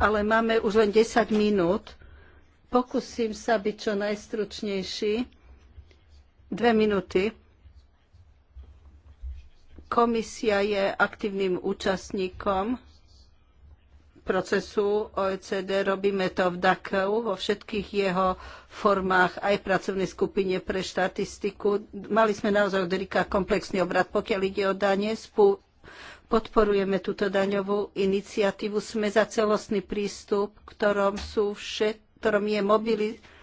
Ale máme už len 10 minút. Pokúsim sa byť čo najstručnejší. Dve minúty. Komisia je aktívnym účastníkom procesu OECD. Robíme to v DAKEU vo všetkých jeho formách, aj v pracovnej skupine pre štatistiku. Mali sme naozaj od Rika komplexný obrad. Pokiaľ ide o dane, spú, podporujeme túto daňovú iniciatívu. Sme za celostný prístup, ktorom sú všet, ktorom je mobilizácia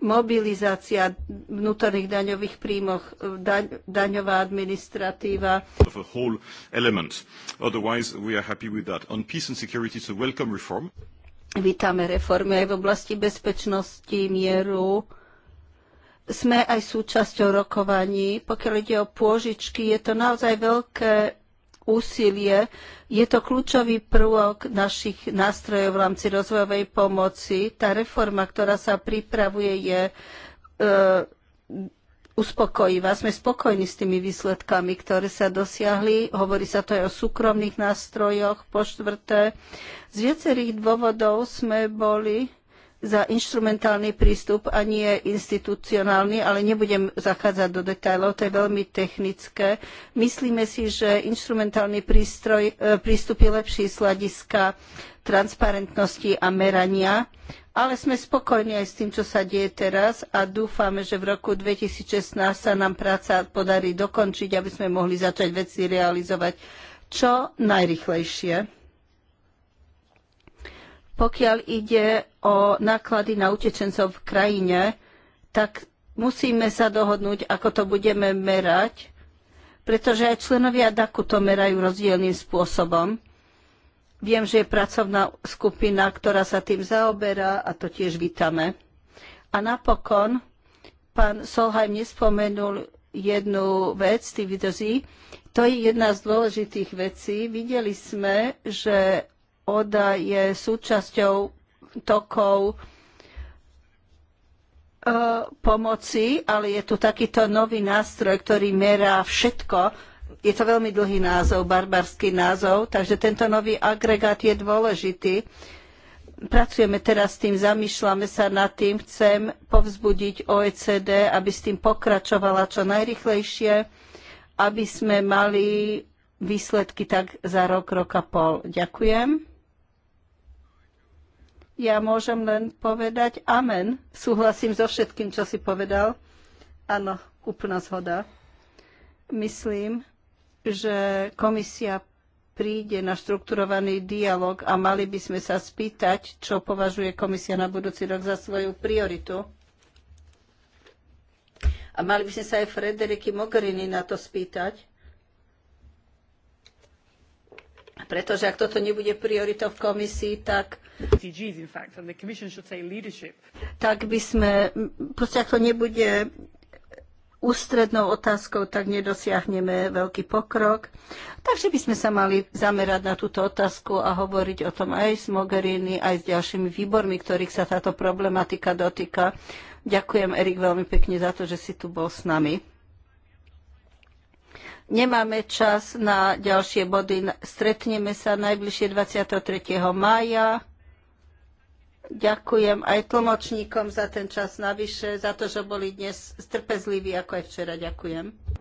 mobilizácia vnútorných daňových príjmoch, eh, daň, daňová administratíva. Reform. Vítame reformy aj v oblasti bezpečnosti, mieru. Sme aj súčasťou rokovaní. Pokiaľ ide o pôžičky, je to naozaj veľké úsilie. Je to kľúčový prvok našich nástrojov v rámci rozvojovej pomoci. Tá reforma, ktorá sa pripravuje, je e, uspokojivá. Sme spokojní s tými výsledkami, ktoré sa dosiahli. Hovorí sa to aj o súkromných nástrojoch. Po štvrté, z viacerých dôvodov sme boli za inštrumentálny prístup a nie institucionálny, ale nebudem zachádzať do detajlov, to je veľmi technické. Myslíme si, že inštrumentálny prístroj, e, prístup je lepší z hľadiska transparentnosti a merania, ale sme spokojní aj s tým, čo sa deje teraz a dúfame, že v roku 2016 sa nám práca podarí dokončiť, aby sme mohli začať veci realizovať čo najrychlejšie. Pokiaľ ide o náklady na utečencov v krajine, tak musíme sa dohodnúť, ako to budeme merať, pretože aj členovia DAKu to merajú rozdielným spôsobom. Viem, že je pracovná skupina, ktorá sa tým zaoberá a to tiež vítame. A napokon pán Solheim nespomenul jednu vec, tí vydrží, To je jedna z dôležitých vecí. Videli sme, že Oda je súčasťou tokov e, pomoci, ale je tu takýto nový nástroj, ktorý merá všetko. Je to veľmi dlhý názov, barbarský názov, takže tento nový agregát je dôležitý. Pracujeme teraz s tým, zamýšľame sa nad tým, chcem povzbudiť OECD, aby s tým pokračovala čo najrychlejšie, aby sme mali výsledky tak za rok, rok a pol. Ďakujem. Ja môžem len povedať amen. Súhlasím so všetkým, čo si povedal. Áno, úplná zhoda. Myslím, že komisia príde na štrukturovaný dialog a mali by sme sa spýtať, čo považuje komisia na budúci rok za svoju prioritu. A mali by sme sa aj Frederiky Mogherini na to spýtať. Pretože ak toto nebude prioritou v komisii, tak tak by sme, proste ak to nebude ústrednou otázkou, tak nedosiahneme veľký pokrok. Takže by sme sa mali zamerať na túto otázku a hovoriť o tom aj s Mogherini, aj s ďalšími výbormi, ktorých sa táto problematika dotýka. Ďakujem, Erik, veľmi pekne za to, že si tu bol s nami. Nemáme čas na ďalšie body. Stretneme sa najbližšie 23. mája. Ďakujem aj tlmočníkom za ten čas navyše, za to, že boli dnes trpezliví, ako aj včera. Ďakujem.